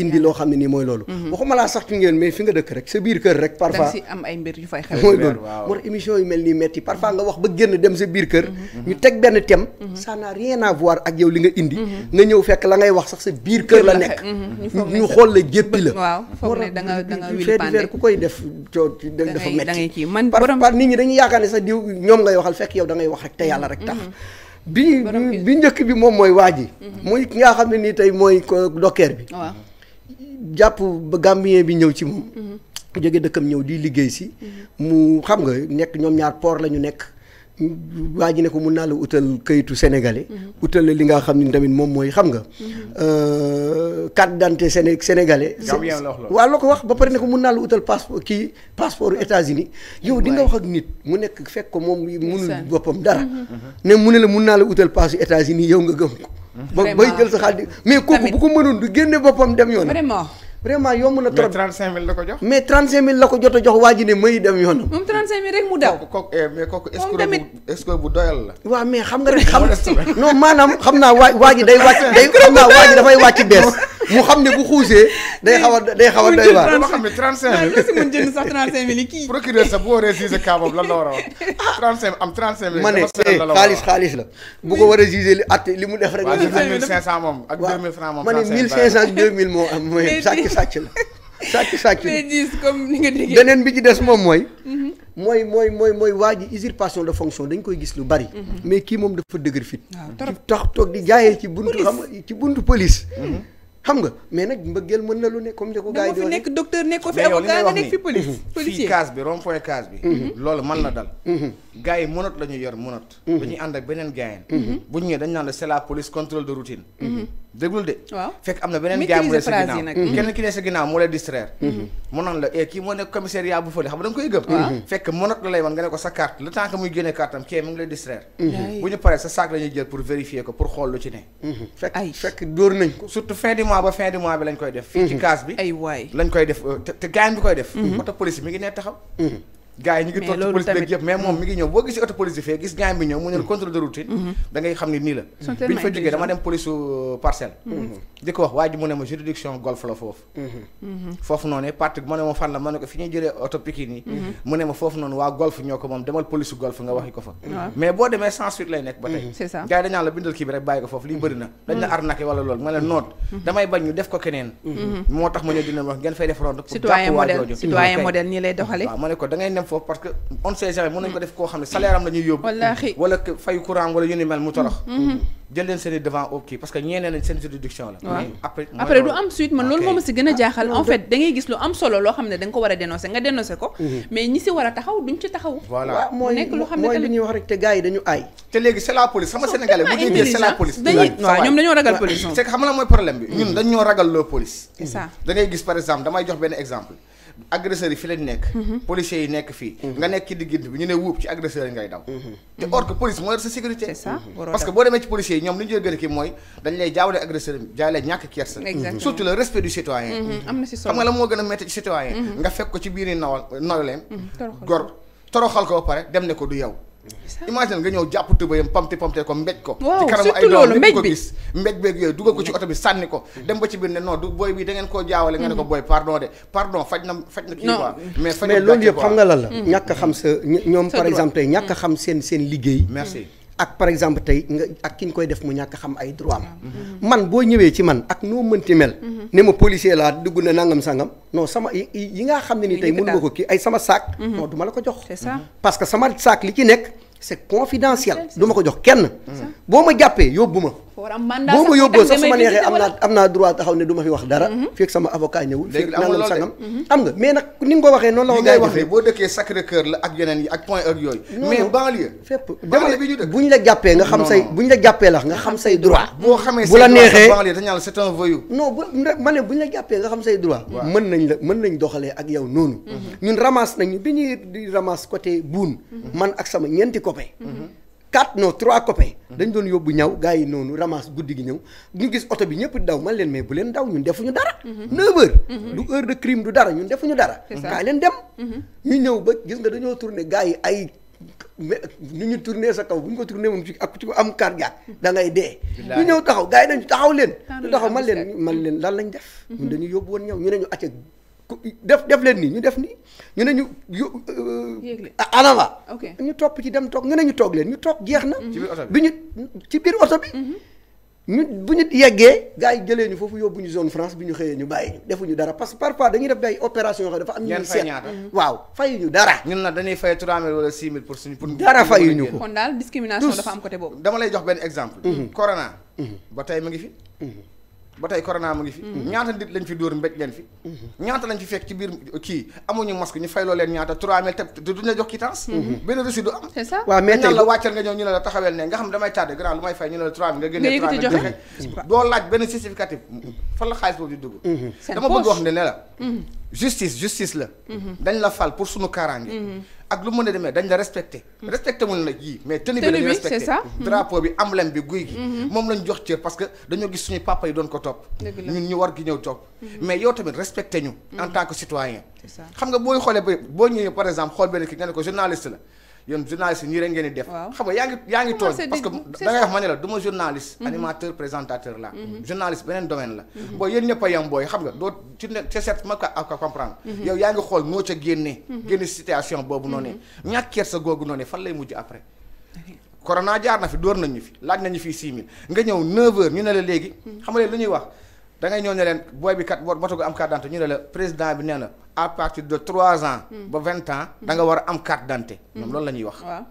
indi loo xam ne nii mooy loolu mhm. waxuma laa sax ci ngeen mais fi nga dëkk rek sa biir kër rek parfois da nga si am ay mbir yu fay mooy loolu moo tax émission yu mel nii metti parfois nga wax ba génn dem sa biir kër mhm. ñu teg benn thème mhm. ça n'a rien ak yow li nga indi nga ñëw fekk la ngay wax sax sa biir kër la nekk ñu xool la jéppi la waaw foog ne da nga ku koy def coo dafa metti par nit ñi dañuy yaakaar ne sax diw ñoom ngay waxal fekk yow da ngay wax rek te yàlla rek tax bi bi njëkk bi moom mooy waa ji. muy mhm. ki nga xam ne nii tey mooy docker bi. waaw jàpp ba gambien bi ñëw ci moom. Mhm. jóge dëkkam ñëw di liggéey si. Mhm. mu xam nga nekk ñoom ñaar poor la ñu nekk. waa ji ne ko mun naa la utal kayitu sénégalais. Mhm. utal la li nga xam ni tamit moom mooy xam nga. Mhm. Euh, carte d'identité séné sénégalais. waaw la ko wax ba pare ne ko mun naa la utal passeport kii passeport États-Unis yow di nga wax ak nit mu nekk fekk ko moom munul boppam mhm. dara. ne mu ne la mun naa la utal passeport États-Unis yow nga gëm ko. ba bay jël sa xaalis mais kooku bu ko mënoon du génne boppam dem yoon. vraiment. vraiment yomb na trop mais 35000 la ko jox. mais 35000 la ko jot a jox waa ji ne may dem yoonam. moom 35000 rek mu daw. Eh, mais xam nga rek xam non maanaam xam naa waa waa ji day wàcc day (laughs) xam naa waa dafay wàcc bees. mu xam ne bu xuusee. day xaw a day xaw a doy waar xam ne 35 mille. si mun jënd sax a wax. 35 ah. am 35 mille. Eh, xaalis xaalis la. bu ko war a juger li at li mu def rek. waaw 1500 moom ak 2000 francs moom. ma ne 1500 mooy sàcc sàcc la. sàcc sàcc comme ni beneen bi ci des moom mooy. Mhm. mooy mooy mooy mooy waa ji usurpation de fonction dañ koy gis lu bari. Mhm. mais kii moom dafa dëgër fit. tax toog di jaayee ci buntu xam ci buntu police. Mhm. xam nga mais nag mbëggeel mën na lu ne comme ni ko gars yi di waxee ko fi nekk fi police mhm. policier fii case bi rond point mhm. mhm. yi mënat la yor mënat dañuy ànd ak beneen gaayen bu ñu kenn ki ne sa ginnaaw moo lay distraire mu naan la e kii moo nekk commissariat bu fële xam nga da nga koy gëm fekk mënat la lay wan nga ne ko sa carte le temps muy génne carte kii mu ngi lay distraire bu ñu paree sa sac la jël pour vérifier ko pour xool lu ci ne fekk fekk dóor mois ba fin du mois bi lañ koy def. fii ci mhm. case bi lañ koy def te gaañ bi koy def. Mhm. oto police mi ngi ne taxaw. Mhm. gaa yi ñu ngi toog police beeg yëpp mais moom mi ngi ñëw boo gisee auto police fee gis gaa yi ñëw mu ne contrôle de routine da xam ni nii la bi ñu fa jógee dama dem police euh, parcelle di wax waa juridiction golf la foofu. Mhm. Mhm. foofu noonu parti mu ne ma fan ma ne ko fi ñuy jëlee oto Pikine yi. Mhm. mu ne ma foofu noonu waa golf ñoo ko moom demal police golf nga waxi ko fa. mais boo demee sans suite yóbbu. wala fay courant wala yu ni mel mu torox jël leen seen i devant au kii parce que ñeeneen nañ seen juridiction la. waaw après après du am suite man loolu moo ma si gën a ah, jaaxal. en fait da gis lu am solo loo xam ne da ko war a dénoncer nga dénoncer ko. Mhm. mais ñi si war a taxaw duñ ci taxaw. voilà nekk loo xam ne mooy li ñuy wax rek te gars yi dañu aay. te léegi c'est police xam nga sénégalais bu ñu jëlee c'est la police. dañuy waaw ñoom dañoo ragal police. c'est que xam nga mooy problème bi. ñun mhm. dañu ragal loo police. c'est ça exemple agresseurs yi fi lañ nekk. Mhm. policiers yi nekk fii. Mhm. nga nekk ci diggante bi ñu ne wuub ci agresseurs yi ngay daw. Mhm. te or que police moo yor sa sécurité. parce que boo demee ci policiers yi ñoom li ñu jël kii mooy dañ lay jaawale agresseur yi jaawale ñàkk kersa. surtout le respect du citoyen. xam nga la moo gën a métti ci citoyen. nga fekk ko ci biir nawal nawleem. gor toroxal ko pare dem ne ko du yow imagine nga ñëw jàpp tëbayam pamte pamte ko mbéj ko ci kanamu ay doom ko gis mbéj beeg yooyu dugal ko ci oto bi sànni ko mm-hmm. dem ba ci biir ne non du booy bi da ngeen koo jaawale nga ne ko mm-hmm. booy pardon de pardon faj na faj na kii mais faj na loolu yëpp xam nga lan la mm-hmm. ñàkk xam sa ñoom par exemple tey ñàkk xam seen seen liggéey merci ak par exemple tey nga ak ki ñu koy def mu ñàkk xam ay droit am man boo ñëwee ci man ak noo mënti mel mhm. ne ma policier laa dugg na nangam sangam non sama yi nga xam ne ni tey mënu ma ko kii ay sama saak mhm. non duma la ko jox parce que sama saak li ci nekk c'est confidentiel du ma ko jox kenn boo ma jàppee yóbbu ma war mandat boo ma yóbboo sax su ma neexee am naa am naa taxaw ne du fi wax dara mhm. fekk sama avocat ñëwul fekk nangam sangam mhm. am nga mais nag ni nga ko waxee noonu la ko ngay waxee boo dëkkee Sacré Cœur la ak yeneen yi ak point heure bu ñu la nga xam say bu ñu la jàppee nga xam say droit boo xamee bu la la c'est un voyou non bu ma ne xam say droit mën nañ la mën nañ doxalee ak yaw noonu mhm. ñun ramasse nañu bi ñuy di ramasse côté buun man ak sama ñeenti copain quatre non trois copains. dañ doon yóbbu ñaw gars yi noonu ramasse guddi gi ñëw ñu gis oto bi ñëpp daw man leen mais bu leen daw ñun defuñu dara. Mhm. neuf mhm. du heure de crime du dara ñun defuñu dara. kaay leen dem. Mhm. ñu ñëw ba gis nga dañoo tourné gars yi ay. mais nu ñu tourné sa kaw bu ñu ko tourné woon ci ak ci ko am cardiaque da ngay dee. ñu ñëw taxaw gars yi dañu taxaw leen. taxaw mal leen man leen lan lañ def. ñun dañu yóbbu woon ñëw ñu ne ñu acca def def leen nii ñu def nii ñu ne ñu yu euh, anama ñu topp ci dem toog ñu ne ñu toog leen ñu toog jeex na bi ñu ci biir oto bi mhm. ñu bu ñu yeggee gars yi jëlee ñu foofu yóbbu ñu zone France bi ñu xëyee ñu bàyyi ñu defuñu dara parce que parfois dañuy def day opération yoo xam dafa am ñu seet mhm. waaw fayuñu dara ñun nag dañuy fay 3000 wala 6000 pour suñu pour dara fayuñu ko kon daal discrimination dama lay jox benn exemple mhm. corona ba tey ma ngi fi ba tey corona mu ngi fi. Mhm. ñaata lañ fi dóor mbéj leen fi. Mhm. ñaata lañ fi fekk ci biir kii amuñu masque ñu fayloo leen ñaata 3000 te duñ la jox quittance. Mhm. benn reçu du am. c'est ça la wàccal nga ñëw ñu ne la taxawel ne nga xam damay tardé grand lu may fay ñu ne la 3000 nga génnee 3000 joxe doo laaj benn justificatif fan la xaalis boobu di dugg. dama bëgg wax ne ne la. justice justice la. dañ la fal pour sunu kaaraange. ak lu mën a demee dañ la respecté hmm. respecté mun la yii mais tenue bi lañu respecté hmm. drapeau bi emblème bi guy gi hmm. moom lañ jox cër parce que dañoo gis suñu papa yi doon ko topp ñun ñu war gi ñëw topp mais yow tamit respecté ñu en tant que citoyen xam nga booy xoolee ba boo ñëwee par exemple xool benn ki nga ne ko journaliste la yoon journaliste yi ngeen di def. xam nga yaa ngi yaa ngi tooñ parce que da ngay wax ma ne la du ma journaliste. Mm-hmm. animateur présentateur la mm-hmm. journaliste beneen domaine la. Mm-hmm. booy yéen ñëpp a yem booy xam nga doo ci ne c'est certes ma ko ak comprendre. yow yaa ngi xool noo ca génne. génne situation boobu noonu. ñàkk kersa googu noonu fan lay mujj après. corona jaar na fi dóor nañu fi laaj nañu fi 6000 nga ñëw 9h ñu ne la léegi. xam nga lu ñuy wax. dangay ñëw ne leen booy bi kat war am carte d'identité ñu ne la président bi nee na à partir de trois ans. Hmm. ba vingt ans danga war a am carte d'identité. Hmm. ñoom loolu la ñuy wax. lool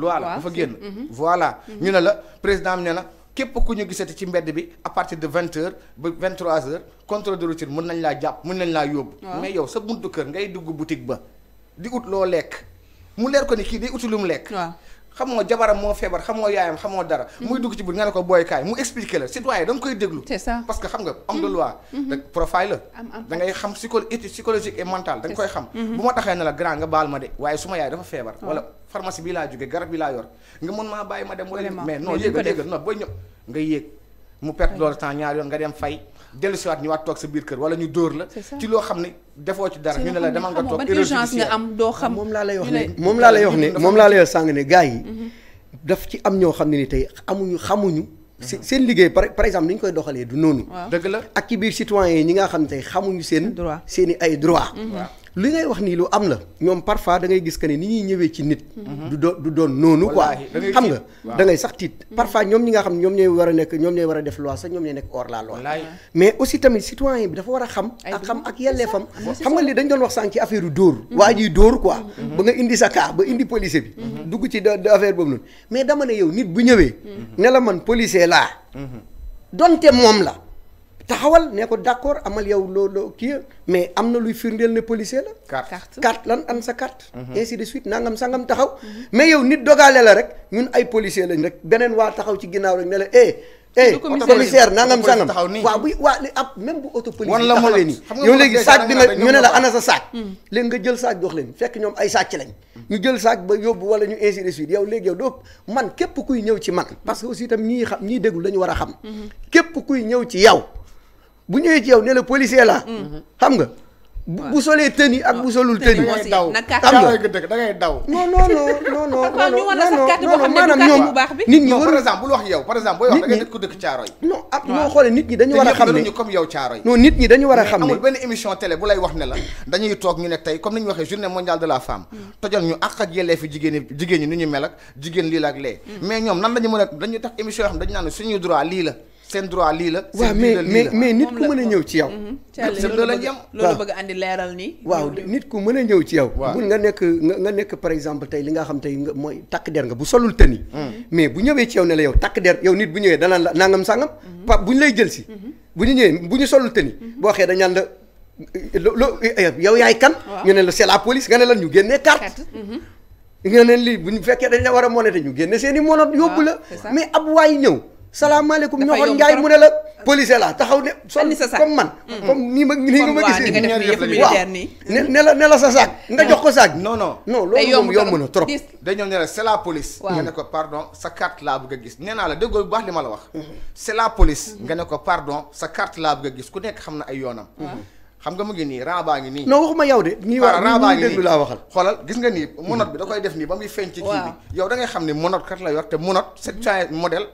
loolu loi la dafa génn. Hmm. voilà ñu ne la président bi ne na képp ku ñu gisati ci mbedd bi à partir de vingt heures ba vingt trois heures contrôle de routine mën nañ laa jàpp mën nañ laa yóbbu. mais yow sa buntu kër ngay dugg boutique ba di ut loo lekk mu leer ko ni kii day uti lu mu lekk. xamoo jabaram moo feebar xamoo yaayam xamoo dara. Mm-hmm. muy dugg ci biir nga ne ko booykaay mu expliqué la citoyen da nga koy déglu. c'est ça parce que xam nga homme de mm-hmm. loi. Mm-hmm. rek xam psycho étude psychologique et mentale da koy xam. bu ma taxee ne la grand nga baal ma de waaye ma yaay dafa feebar. Oh. wala pharmacie bi laa jógee garab bi laa yor nga mën maa bàyyi ma dem. wala mais non yéegal yéegal non booy ñëw nga yéeg mu perte loolu temps ñaar yoon nga dem fay. dellusiwaat ñu waat toog sa biir kër wala ñu dóor la ci loo xam ne defoo ci dara ñu ne la demal nga toog urgence nga am doo xam moom laa lay wax ne moom laa lay wax sàng ne gars yi mhm. daf ci am ñoo xam ne ni tey amuñu xamuñu mhm. seen liggéey par exemple ni ñu koy doxalee du noonu dëgg la ak ci biir citoyens yi ñi nga xam ne tey xamuñu seen seen ay droit mhm. li ngay wax nii lu am la ñoom parfois da ngay gis que ni ni ñuy ñëwee ci nit. Mhm. du doon noonu. quoi xam nga da ngay sax tiit. Mhm. parfois ñoom ñi nga xam ñoom ñooy war a nekk ñoom ñooy war a def loi sax ñoom ñooy nekk hors la loi. mais aussi tamit citoyen bi dafa war a xam. ak xam ak yelleefam. Ah, xam nga li dañ doon wax sànq ci affaire yu dóor. Mhm. waa ji dóor ko ba nga indi sa cas ba indi policier bi. dugg ci affaire boobu noonu. mais dama ne yow nit bu ñëwee. ne la man policier laa. donte moom la. taxawal ne ko d' amal yow loo loo kii mais am na luy firndeel ne policier la. carte carte lan am sa carte. Mhm. ainsi de suite nangam sangam taxaw. Mhm. mais yow nit dogaale la rek ñun ay policier lañ rek beneen waa taxaw ci ginnaaw rek ne la eh. eh commissaire nangam sangam waaw bu waa li ab même bu auto police taxawee nii yow léegi sac bi nga ñu ne la ana sa sac mm. léegi nga jël sac jox leen fekk ñoom ay sàcc lañ ñu jël sac ba yóbbu wala ñu ainsi de suite yow léegi yow doo man képp kuy ñëw ci man parce que aussi itam ñii xam ñii déglu dañu war a xam mm-hmm. képp kuy ñëw ci yow bu ñëwee ci yow ne la policier mm-hmm. xam nga. bu solee tenue ak bu solul tenue. te daw da ngay xoolee nit ñi dañu a xam ne comme yow Caaroy. non nit ñi a xam ne wax ne la dañuy toog ñu ne tey comme ni ñu waxee journée mondiale de la femme. Mm. tojal ñu àq ak yelleefu jigéen ñi jigéen ñi ñu mel ak jigéen lii la ak lee. Mm. mais ñoom nan la ñu mën a dañuy tax émission yoo xam dañu naan suñuy droit lii la seen droit lii la. waaw mais mais mais nit ku mën a ñëw ci yow. Mhm. loolu la loolu bëgg andi leeral nii. waaw nit ku mën a ñëw ci yow. waaw mun nga nekk nga nekk par exemple tey li nga xam tey mooy takk der nga bu solul tëni. Mm. mais bu ñëwee ci yow ne la yow takk der yow nit bu ñëwee danaan la nangam sangam. Mhm. pa bu ñu lay jël si. Mhm. bu ñu ñëwee bu ñu solul tëni. boo xee dañaan la lo eh, yow yaay kan. ñu ne la c'est la police nga ne la ñu génnee carte. nga ne lii bu ñu fekkee dañ la war a monnaie ñu génne seen i monnaie yóbbu la mais ab waay ñëw salaamaaleykum ñoxoon Njaay mu ne la policier la taxaw ne sol comme man mm. comme nii ma nii nga ma gis waaw ne la ne la sa saag nga jox ko saag non non non loolu moom yomb na trop dañoo ne la c'est la police nga ne ko pardon sa carte laa bëgg a gis nee naa la déggoo bu baax li ma la wax mm-hmm. c'est la police nga ne ko pardon sa carte laa bëgg a gis ku nekk xam na ay yoonam mm-hmm. Mm-hmm. xam nga mu ngi nii raabaa ngi nii non waxuma yow de ñi waa raabaa ngi déglu xoolal gis nga nii monote bi da koy def nii ba muy feeñ ci kii bi xam ne monote kat la yor te monote c'est un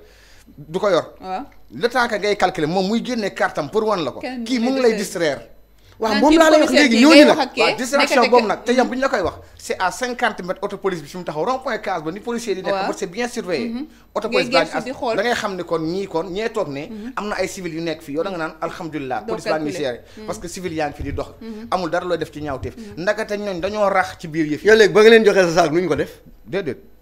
du ko yor. waaw le temps ngay calculer moom muy génne kartam pour wan la ko. kii mu ngi lay distraire. waaw moom laa lay wax léegi ñooñu nag waaw distraction boobu nag te yam mm-hmm. bu ñu la koy wax c'est à cinquante mètres auto bi fi mu taxaw rond point case ba ni policier di nekk c'est bien surveillé mm-hmm. auto police baa ngi da ngay xam ne kon ñii kon ñee toog ne mm-hmm. am na ay civil yu nekk fii yow da nga naan alhamdulilah police baa ngi seere parce que civil yaa ngi fi di dox amul dara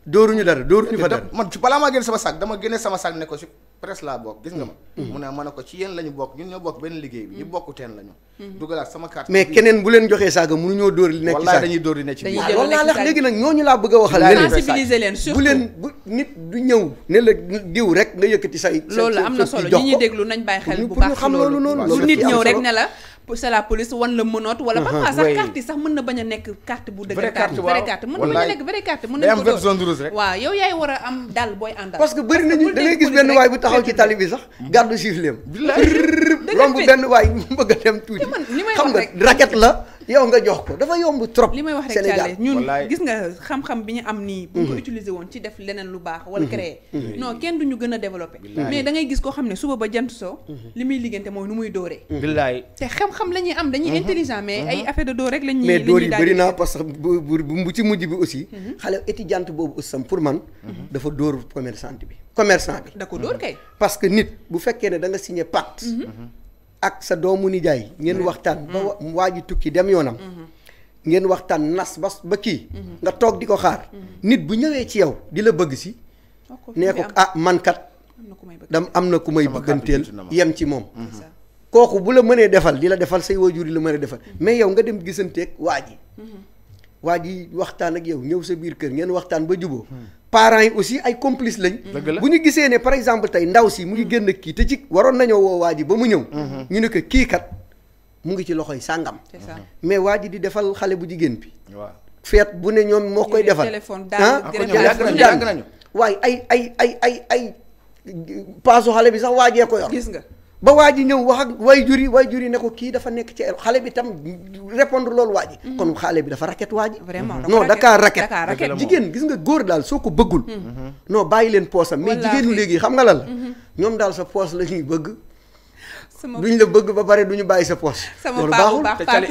dooruñu dara dóoruñu fa dara man balaa maa génn sama sac dama génne sama sac ne ko si presse laa bokk gis nga ma mm. Mm. mu ne ma ko ci yéen la ñu bokk ñun ñoo bokk benn liggéey bi ñu mm. bokk teen la ñu dugalaat sama carte mais keneen bu leen joxee saaga mënuñoo dóor li nekk ci sac dañuy dóor li nekk ci loolu laa lex léegi nag ñooñu laa bëgg a waxal leen sensibiliser leen surtout bu leen bu nit du ñëw ne la diw rek nga yëkkati say loolu am na solo ñi ñuy déglu nañ bàyyi xel baax loolu loolu nit ñëw rek la c'est la wan la mënoot wala parfois sax carte sax mën na bañ a nekk carte bu dëggantaan vraie carte mën na bañ a nekk vraie carte mën na am zone rek waaw yow yaay war a am dal booy àndal parce que bëri nañu da gis benn waay bu taxaw ci tali bi sax mm-hmm. gàddu sifflet am romb benn waay (laughs) mu bëgg a dem tuuti xam nga raquette la yow nga jox ko dafa yomb trop. li may wax rek Thialé ñun gis nga xam-xam bi ñu am nii. bu ñu ko mhm. utiliser woon ci def leneen lu baax. wala mhm. créer mhm. non kenn du ñu gën a développé. mais da ngay gis koo xam ne suba ba jant soo. li muy liggéeyante mooy nu muy dóoree. te xam-xam la am dañuy intelligent mais ay affaire de dóor rek la ñuy. yi bëri naa bu bu ci mujj bi aussi. xale étudiant boobu aussi sam pour man. dafa dóor commerçant bi commerçant ak sa doomu nijaay ngeen mm-hmm. waxtaan ba mm-hmm. waa ji tukki dem yoonam mm-hmm. ngeen waxtaan nas ba ba kii nga toog di ko xaar nit bu ñëwee ci yow di la bëgg si oh, nee ko ah mankat dam am na ku may bëgganteel yem ci moom kooku bu la mënee defal di la defal say waajur yi la mën a defal mais yow nga dem gisanteeg waa ji waa ji waxtaan ak yow ñëw sa biir kër ngeen waxtaan ba juboo parents yi aussi ay complice lañ bu ñu gisee ne par exemple tey ndaw si mu ngi génn kii te ci waroon nañoo woo waa ji ba mu ñëw mhm. ñu ne que kii kat mu ngi ci loxo yi sàngam mhm. mais waa ji di defal xale bu jigéen bi waaw feet bu ne ñoom moo koy defal ah, ah yàgg nañu waaye ay ay ay ay ay paasu xale bi sax waajee ko yor gis nga ba waa ji ñëw wax ak way jur yi way jur yi ne ko kii dafa nekk ci xale bi tam répondre loolu waa ji mm-hmm. kon xale bi dafa raket waa ji vraiment mm-hmm. non dakaa raket jigéen gis nga góor daal soo ko bëggul mm-hmm. no bàyyi leen poosam mais jigéenu léegi xam nga la ñoom daal sa poos la ñuy bëgg duñ la bëgg ba pare duñu bàyyi sa poche. sama paa bu baax Paa Touré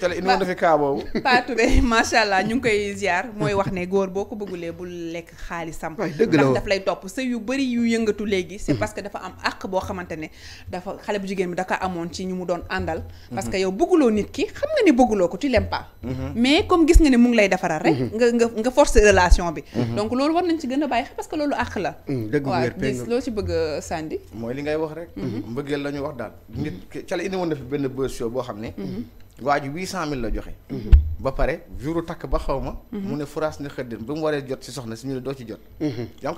tele indi woon dafa kaa boobu. Paa Touré macha allah ñu ngi koy ziar mooy wax ne góor boo ko bëggulee bul lekk xaalisam. waay dëgg la ndax daf lay topp sa yu bëri yu yëngatu léegi. c'est parce que dafa am àq boo xamante ne dafa xale bu jigéen bi da ko amoon ci ñu mu doon àndal. parce que mhm. yow bëgguloo nit ki xam nga ne bëgguloo ko tu l'aimes pas. Mhm. mais comme gis nga ne mu ngi lay defaral rek. Mhm. nga nga nga force relation bi. donc loolu war nañ ci gën a bàyyi xel parce que loolu àq la. Mm, dëgg loo ci bëgg euh, sàndi mooy li ngay wax rek mbëggeel lañu wax daal nit ca la indi woon na fi benn bës show boo xam ne. Mhm. waa huit cent mille la joxe. Mhm. ba pare juru takk ba xaw ma. Mhm. mu ne France ne xëddin ba mu waree jot si soxna si ñu ne doo ci jot. yaa ngi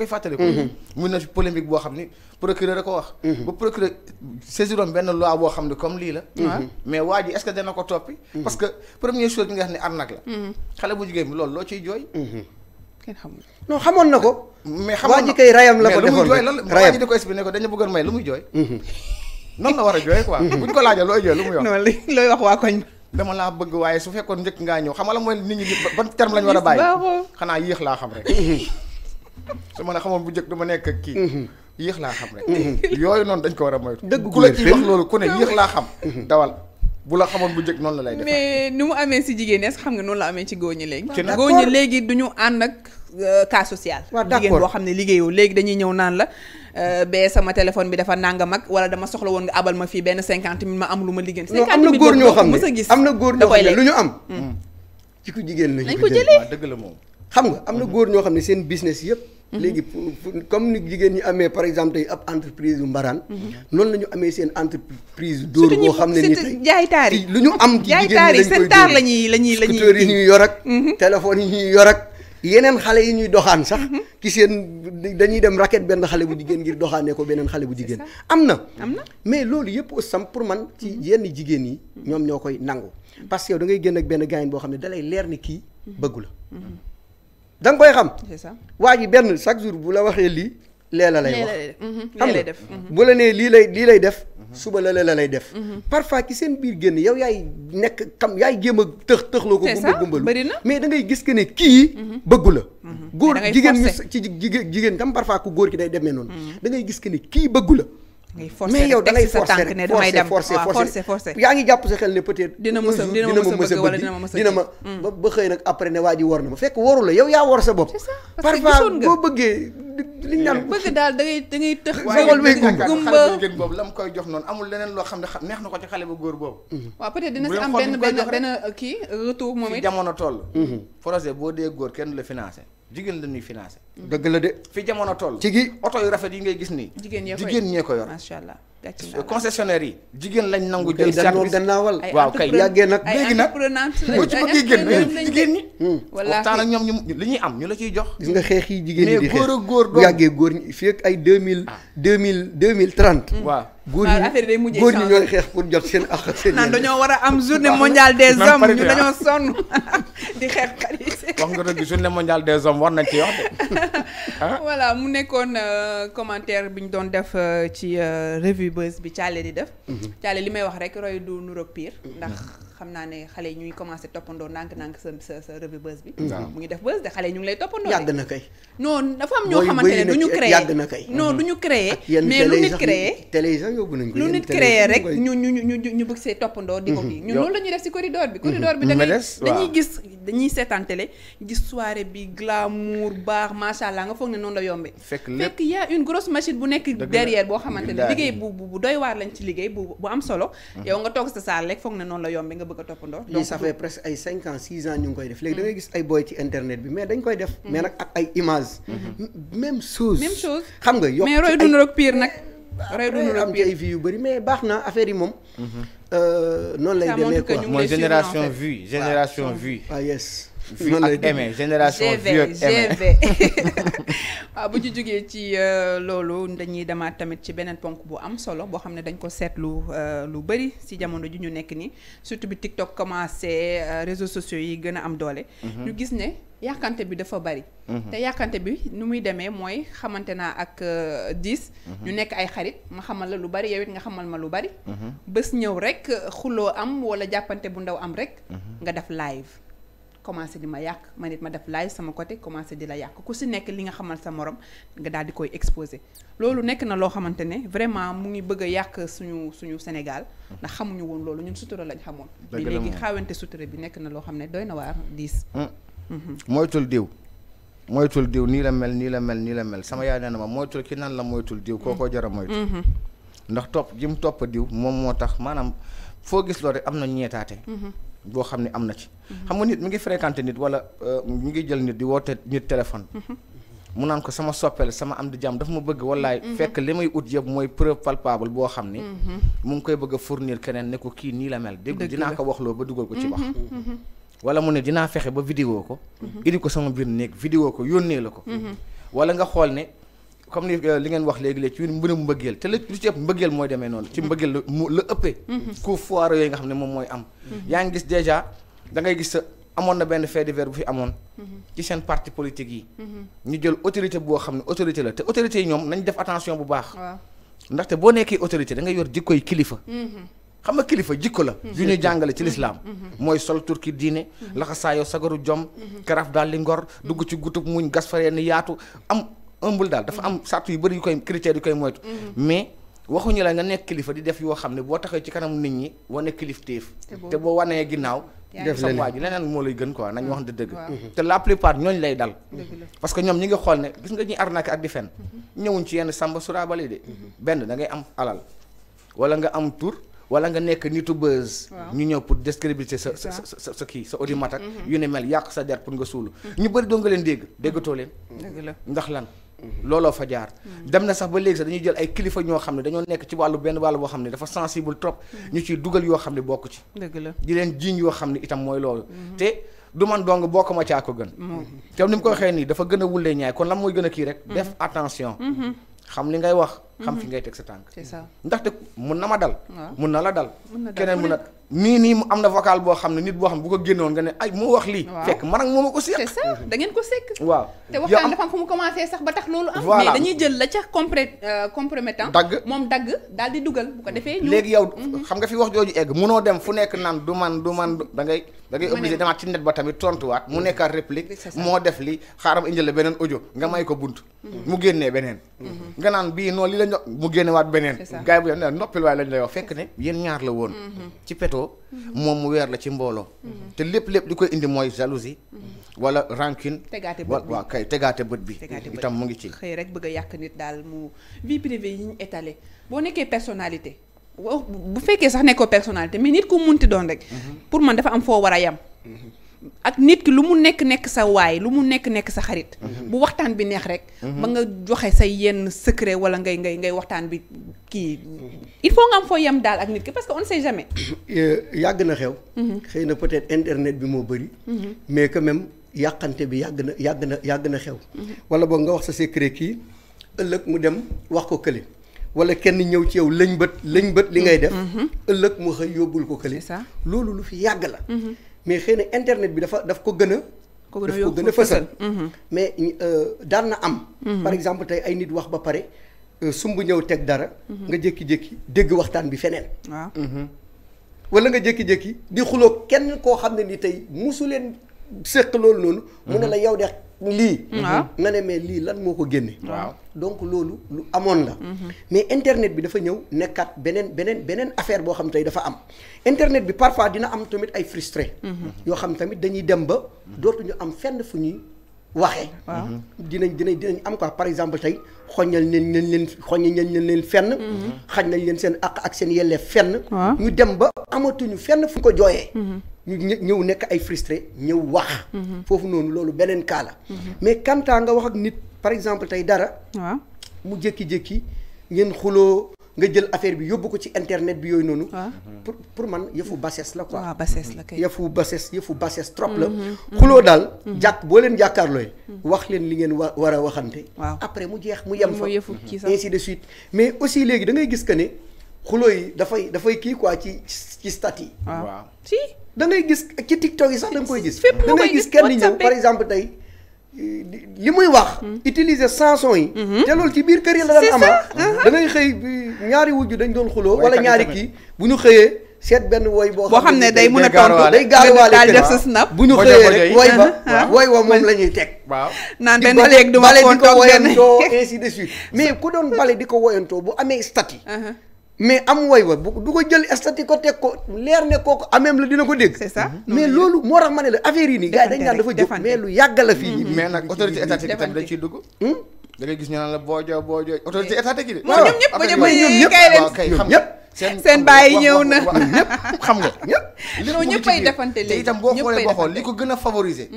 koy boo xam ni procureur a ko wax. boo xam ne comme la. mais waa ji est-ce que dana ko toppi. parce que première chose bi nga xam ne arnaque la. xale bu jigéen bi loolu loo ciy jooy. kenn xamoon na ko. mais xamoon na waa ji kay rayam la ko defoon jooy lan la waa di ko expliqué ko dañu bëggoon may lu muy jooy. nan la war a jooyee quoi. bu ñu ko laajee looy jooy lu mu yor. non li looy wax waa koñ. dama laa bëgg waaye su fekkoon njëkk ngaa ñëw xam nga la mooy nit ñi ban terme lañ war a bàyyi. xanaa yéex laa xam rek. su ma la xamoon bu njëkk du ma nekk ak kii. yéex laa xam rek. yooyu noonu dañ ko war a moytu. dëgg la ci wax loolu ku ne yéex laa dawal bu la xamoon bu njëkk noonu la lay def. mais ni mu amee si jigéen xam nga noonu la amee ci góor ñi léegi. góor ñi léegi du ñu ànd ak euh, cas social. waaw d'accord jigéen boo xam ne liggéeyoo léegi dañuy ñëw naan la Euh, bee sama téléphone bi dafa nanga ak wala dama soxla woon nga abal ma fii benn cinquante mille ma am lu ma liggéey. cinquante mille boobu moom mos a gis am na góor ñoo lu ñu am. Mm. Mm. ci jigéen xam nga am na mm-hmm. góor ñoo xam ne seen business yëpp. Mm-hmm. léegi comme ni jigéen ñi amee par exemple tey ab entreprise yu mbaraan. Mm-hmm. noonu la ñu amee seen entreprise. dóor boo xam ne ni tey yi lu ñu am. ci jigéen ñi lañ koy yi la ñuy la la ñuy scooter yi yor ak. téléphone yi ñuy yor ak. yeneen xale yi ñuy doxaan sax ki mhm. seen dañuy dem raquette benn xale bu jigéen ngir doxaanee ko beneen xale bu jigéen am na mais loolu yëpp sam pour man ci mhm. yenn jigéen yi mhm. ñoom ñoo koy nangu parce que yow da ngay génn ak benn gaayin boo xam ne dalay leer ni kii bëggu la da koy xam waa ji benn chaque jour bu la waxee lii lee la lay wax xam nga bu la nee lii lay lii lay def suba la la lay def. Mhm. parfois ki seen biir génn yow yaay nekk xam yaay jéem a tëx tëxloo ko. gumba gumbalu mais da ngay gis que ne kii. Mhm. bëggu la. Mhm. góor jigéen ñu ci jigéen jigéen tam parfois ku góor ki day demee noonu. da gis que ne kii bëggu la. ngay forcer mais yow da ngay forcer rek yaa ngi jàpp sa xel ne peut dina ma dina ma mës a bëgg dina ma mës a dina ma mm. ba xëy nag après ne waa ji war na ma fekk waru la yaa war sa bopp. parce que gisoon nga boobu la mu koy jox noonu amul leneen loo xam ne xam neex na ko ci xale bu góor boobu. Mm-hmm. Mm-hmm. waaw peut dina si am benn benn euh, kii retour moom it. jamono toll. Mm-hmm. projet boo dee góor kenn la financé jigéen la nuy financé dëgg la de. fi jamono toll. ci gi oto yu rafet yi ngay gis nii. jigéen ñee ko yor jigéen ñee ko yor. macha allah concessionnaire yi. jigéen lañ nangu jël service gannaawal waaw kay yàggee nag léegi nag boo (laughs) ci bëggee génn jigéen hmm. ñoom ñu li ñuy am ñu la ciy jox. gis nga xeex yi jigéen ñi di góor a góor yàggee góor ñi fii ay deux mille ah. deux mille deux mille trente. Hmm. waaw góor ñi góor ñi ñooy xeex pour jot seen ak seen. naan dañoo war a am journée mondiale des hommes ñu dañoo sonn (laughs) di xeex xarit. wax nga dëgg journée mondiale des hommes war nañ ci wax (laughs) Ah. (laughs) voilà mu nekkoon euh, commentaire bi ñu doon def euh, ci euh, revue bes bi Thialé di def. Mhm. Thialé li may wax rek roy du piir pire mhm. ndax. xam naa ne xale yi ñuy commencé toppandoo ndànk-ndànk sa sa sa revue buzz bi. mu ngi def buzz de xale yi ñu lay toppandoo. yàgg na kay. non dafa am ñoo xamante ne du ñu na kay. ñu ñu ñu ñu ñu bëgg toppandoo. di ko mhm. kii ñun loolu la ñuy def si corridor bi. corridor bi mhm. da ngay dañuy gis dañuy seetaan télé gis soirée bi glamour baax macha allah nga foog ne noonu la yombee. fekk lépp y a une grosse machine bu nekk derrière boo xamante ne liggéey bu bu doy waar lañ ci liggéey bu bu am solo mhm. yow nga toog sa saal rek foog ne noonu la yombee nga bëgg a toppandoo. donc ça fait presque ay cinq ans six ans ñu ngi koy def. léegi da ngay mm. gis ay boy ci internet bi mais dañ koy def. Mm-hmm. mais nag ak ay images. Mm-hmm. même chose. xam nga yokk mais roy dund rek pire nag. roy dund rek pire yu bëri mais baax na affaire yi moom. Mm-hmm. Euh, noonu lay demee quoi mooy génération vue génération vue. ah yes. noonu lay demee génération vieux GV (laughs) waaw bu ñu jógee ci euh, loolu dañuy demaat tamit ci beneen ponk bu am solo boo xam ne dañ ko seetlu euh, lu bëri si jamono ji ñu nekk nii surtout bi TikTok commencé euh, réseaux sociaux yi gën a am doole. Mhm. ñu gis ne yàkkante bi dafa bari mhm. te yàkkante bi nu muy demee mooy xamante naa ak dix. Mhm. ñu nekk ay xarit ma xamal la lu bari yow it nga xamal ma lu bari. bés ñëw rek xuloo am wala jàppante bu ndaw am rek. nga def live. commencé di ma yàq man it ma def live sama côté commencé di la yàq ku si nekk li nga xamal sa morom nga daal di koy exposé loolu nekk na loo xamante ne vraiment mu ngi bëgg yàq suñu suñu Sénégal ndax xamuñu woon loolu ñun sutura lañ xamoon bi léegi xaawante sutura bi nekk na loo xam ne doy na waar diis hmm. mhm. moytul diw moytul diw nii la mel nii la mel nii la mel sama yaay nee na ma moytul ki nan la moytul diw koo hmm. jara moytu mhm. ndax topp jim topp diw moom moo tax maanaam foo gis loolu boo xam ne am na ci. xam nga nit mi ngi fréquenté nit wala euh, mi ngi jël nit di woote nit téléphone. mu naan ko sama soppeel sama am di jàmm dafa ma bëgg wallaay. Mhm. fekk li may ut yëpp mooy preuve palpable boo xam ni. Mhm. mu ngi koy bëgg a fournir keneen ne ko kii nii la mel. dégg dinaa ko wax loo ba dugal ko ci wax. Mhm. wala mu ne dinaa fexe ba vidéo ko. indi ko sama biir néeg vidéo ko yónnee la ko. wala nga xool ne. comme ni euh, li ngeen wax léegi-léeg ci mbirum mbëggeel te lu ci ëpp mbëggeel mooy demee noonu ci mbëggeel la ëppee mm-hmm. ku foire yooyu nga xam ne moom mooy am mm-hmm. yaa ngi gis déjà da gis sa amoon na benn fait divers bu fi amoon mm-hmm. ci seen parti politique yi ñu jël autorité boo xam ne autorité la te autorité yi ñoom nañ def attention bu baax ndaxte boo nekkee autorité da ngay yor jikkoy kilifa xam nga kilifa jikko la yu ñu jàngale ci lislaam mooy sol turki diine laxa saayoo sagaru jom karaaf daal li ngor dugg ci gutub muñ gas ëmbul daal dafa am sart mm-hmm. yu bëri yu koy critères yu koy moytu mm-hmm. mais waxuñu la nga nekk kilifa di def yoo xam ne boo taxee ci kanam nit ñi wane kilifteef te boo wanee ginnaaw def sa waa moo lay gën quoi nañ wax mm-hmm. de dëgg te la plupart ñooñu lay dal parce que ñoom ñi nga xool ne gis nga ñuy arnaque ak di fen ñëwuñ ci yenn samba suraabale de benn da ngay am alal wala nga am tur wala nga nekk nitu buzz ñu ñëw pour discréditer sa sa sa sa kii sa audimat ak yu ne mel yàq sa der pour nga suulu ñu bëri doo nga leen dégg déggatoo leen ndax lan Mm-hmm. looloo fa jaar mm-hmm. dem na sax ba léegi sax dañuy jël ay kilifa ñoo xam ne dañoo nekk ci wàllu benn wàllu boo xam ne dafa sensible trop mm-hmm. ñu ciy dugal yoo xam ne bokk ci la di leen jiiñ yoo xam ne itam mooy loolu te du man dong bokk ma caa ko gën te ni mu ko waxee nii dafa gën a wulee ñaay kon lan mooy gën a kii rek def attention xam li ngay wax xam fi ngay teg sa tànk ndaxte mun na ma dal mun na la dal keneen mun a nii nii mu am na vocal boo xam ne nit boo xam ne bu ko génnoon nga ne ay moo wax lii. fekk man ak moom a ko seq. c'est ça da ngeen ko seq. waaw te waxtaan dafa am fu mu commencé sax ba tax loolu am. mais dañuy jël la ca compré euh, dagg moom dagg daal di dugal bu ko defee. ñu léegi yow mhm. xam nga fi wax jooju egg munoo dem fu nekk naan du man du man da ngay. da ngay obligé demaat ci net ba tamit tontuwaat mu nekkaat réplique. moo def li xaaram indil la beneen audio nga may ko bunt. Mhm. mu génnee beneen. Mhm. nga naan bii noonu li la ñu mu génnewaat beneen. c'est ça gars yi bu noppi waaye lañ la wax fekk ne yéen ñaar la woon xaritoo moom mu weer la ci mbooloo te lépp lépp li koy indi mooy jalousie wala rancune tegaate bët bi waaw kay tegaate bët itam mu ngi ci xëy rek bëgg a yàq nit daal mu vie privée yi ñu étalé boo nekkee personnalité bu fekkee sax nekkoo personnalité mais nit ku munti doon rek mhm. pour man dafa am foo war a yem mhm. ak nit ki lu mu nekk nekk sa waaye lu mu nekk nekk sa xarit. Mhm. bu waxtaan bi neex rek. Mhm. ba nga joxe say yenn secret wala ngay ngay ngay waxtaan bi kii. il faut nga am foo yem daal ak nit ki parce que on ne sait jamais. (coughs) Euh, yàgg na xew. Mhm. xëy na peut-être internet bi moo bëri. mais quand même yàqante bi yàgg na yàgg na yàgg na xew. wala boog nga wax sa secret kii ëllëg mu dem wax ko kële. wala kenn ñëw ci yow lëñ bët lëñ bët li ngay def. ëllëg mu xëy yóbbul ko kële. loolu lu fi yàgg la. mais xëy na internet bi dafa daf ko gën a daf ko gën a fësal mhm. mais euh, daan na am mhm. par exemple tey ay nit wax ba pare euh, sumb ñëw teg dara mhm. nga jékki-jékki dégg waxtaan bi feneen waaw wala nga jékki-jékki di xuloo kenn koo xam ne ni tey musu leen séq loolu noonu mu ne la yow de lii. Mm-hmm. nga ne mais lii lan moo ko génne. waaw donc loolu lu amoon la. Mm-hmm. mais internet bi dafa ñëw nekkaat beneen beneen beneen affaire boo xam tey dafa am. internet bi parfois dina am tamit ay frustré. Mm-hmm. yoo xam tamit dañuy dem ba. dootuñu am fenn fu ñuy waxee. dinañ dinañ dinañ am quoi par exemple tey. xoññal leen leen leen xoññal leen leen fenn. Mhm. xaj nañ leen seen àq ak seen yelleef fenn. Ah. ñu dem ba amatuñu fenn fu ñu ko jooyee. Mhm. ñu ñëw nekk ay frustré ñëw wax. Mhm. foofu noonu loolu beneen cas la. mais kantaa nga wax ak nit par exemple tey dara. Ah. mu jékki-jékki ngeen xuloo nga jël affaire bi yóbbu ko ci internet bi yooyu noonu. Ah. pour pour man yëfu bassesse la quoi. waaw ah, bassesse la kay yëfu bassesse yëfu bassesse trop la. Mm-hmm, mm-hmm. xuloo daal. Mm-hmm. jàkk boo leen jàkkaarlooy. wax leen li ngeen wa war a waxante. après mu jeex mu yem fa si de suite mais aussi léegi da ngay gis que ne xuloo yi dafay dafay kii quoi ci ci stat yi. waaw si. da ngay gis ci tiktok yi sax da koy gis. fépp da ngay gis kenn ñëw par exemple tey. li muy wax. utiliser chanson yi. Mhm. te loolu ci biir kër yi la daan ama uh-huh. da ngay xëy ñaari wujju dañ doon xuloo wala ñaari kii bu ñu xëyee seet benn woy boo. xam ne day mun a tontu day gaaruwaale daal def bu ñu xëyee rek woy ba uh-huh. Uh-huh. woy wa moom la ñuy teg. waaw naan benn léeg du ma ko toog benn di ko woyantoo (laughs) ainsi de suite mais ku doon bale di ko woyantoo bu amee statut. mais am way wa bu du ko jël estati ko teg ko leer ne kooku ameem la dina ko dégg. c'est mm-hmm. mais loolu moo tax ma ne la affaire yi nii. gars dañ naan dafa jóg mais lu yàgg la fii. Mm-hmm. mais nag mm-hmm. autorité étatique bi tamit dañ ciy hmm? gis ñu naan la boojo boojo autorité étatique yi de. waaw affaire yooyu ñoom ñëpp ñëpp seen bàyyi ñëw na ñëpp xam nga (laughs) ñëpp. li ñëpp defante léegi te itam boo xoolee boo xool li ko gën a favoriser.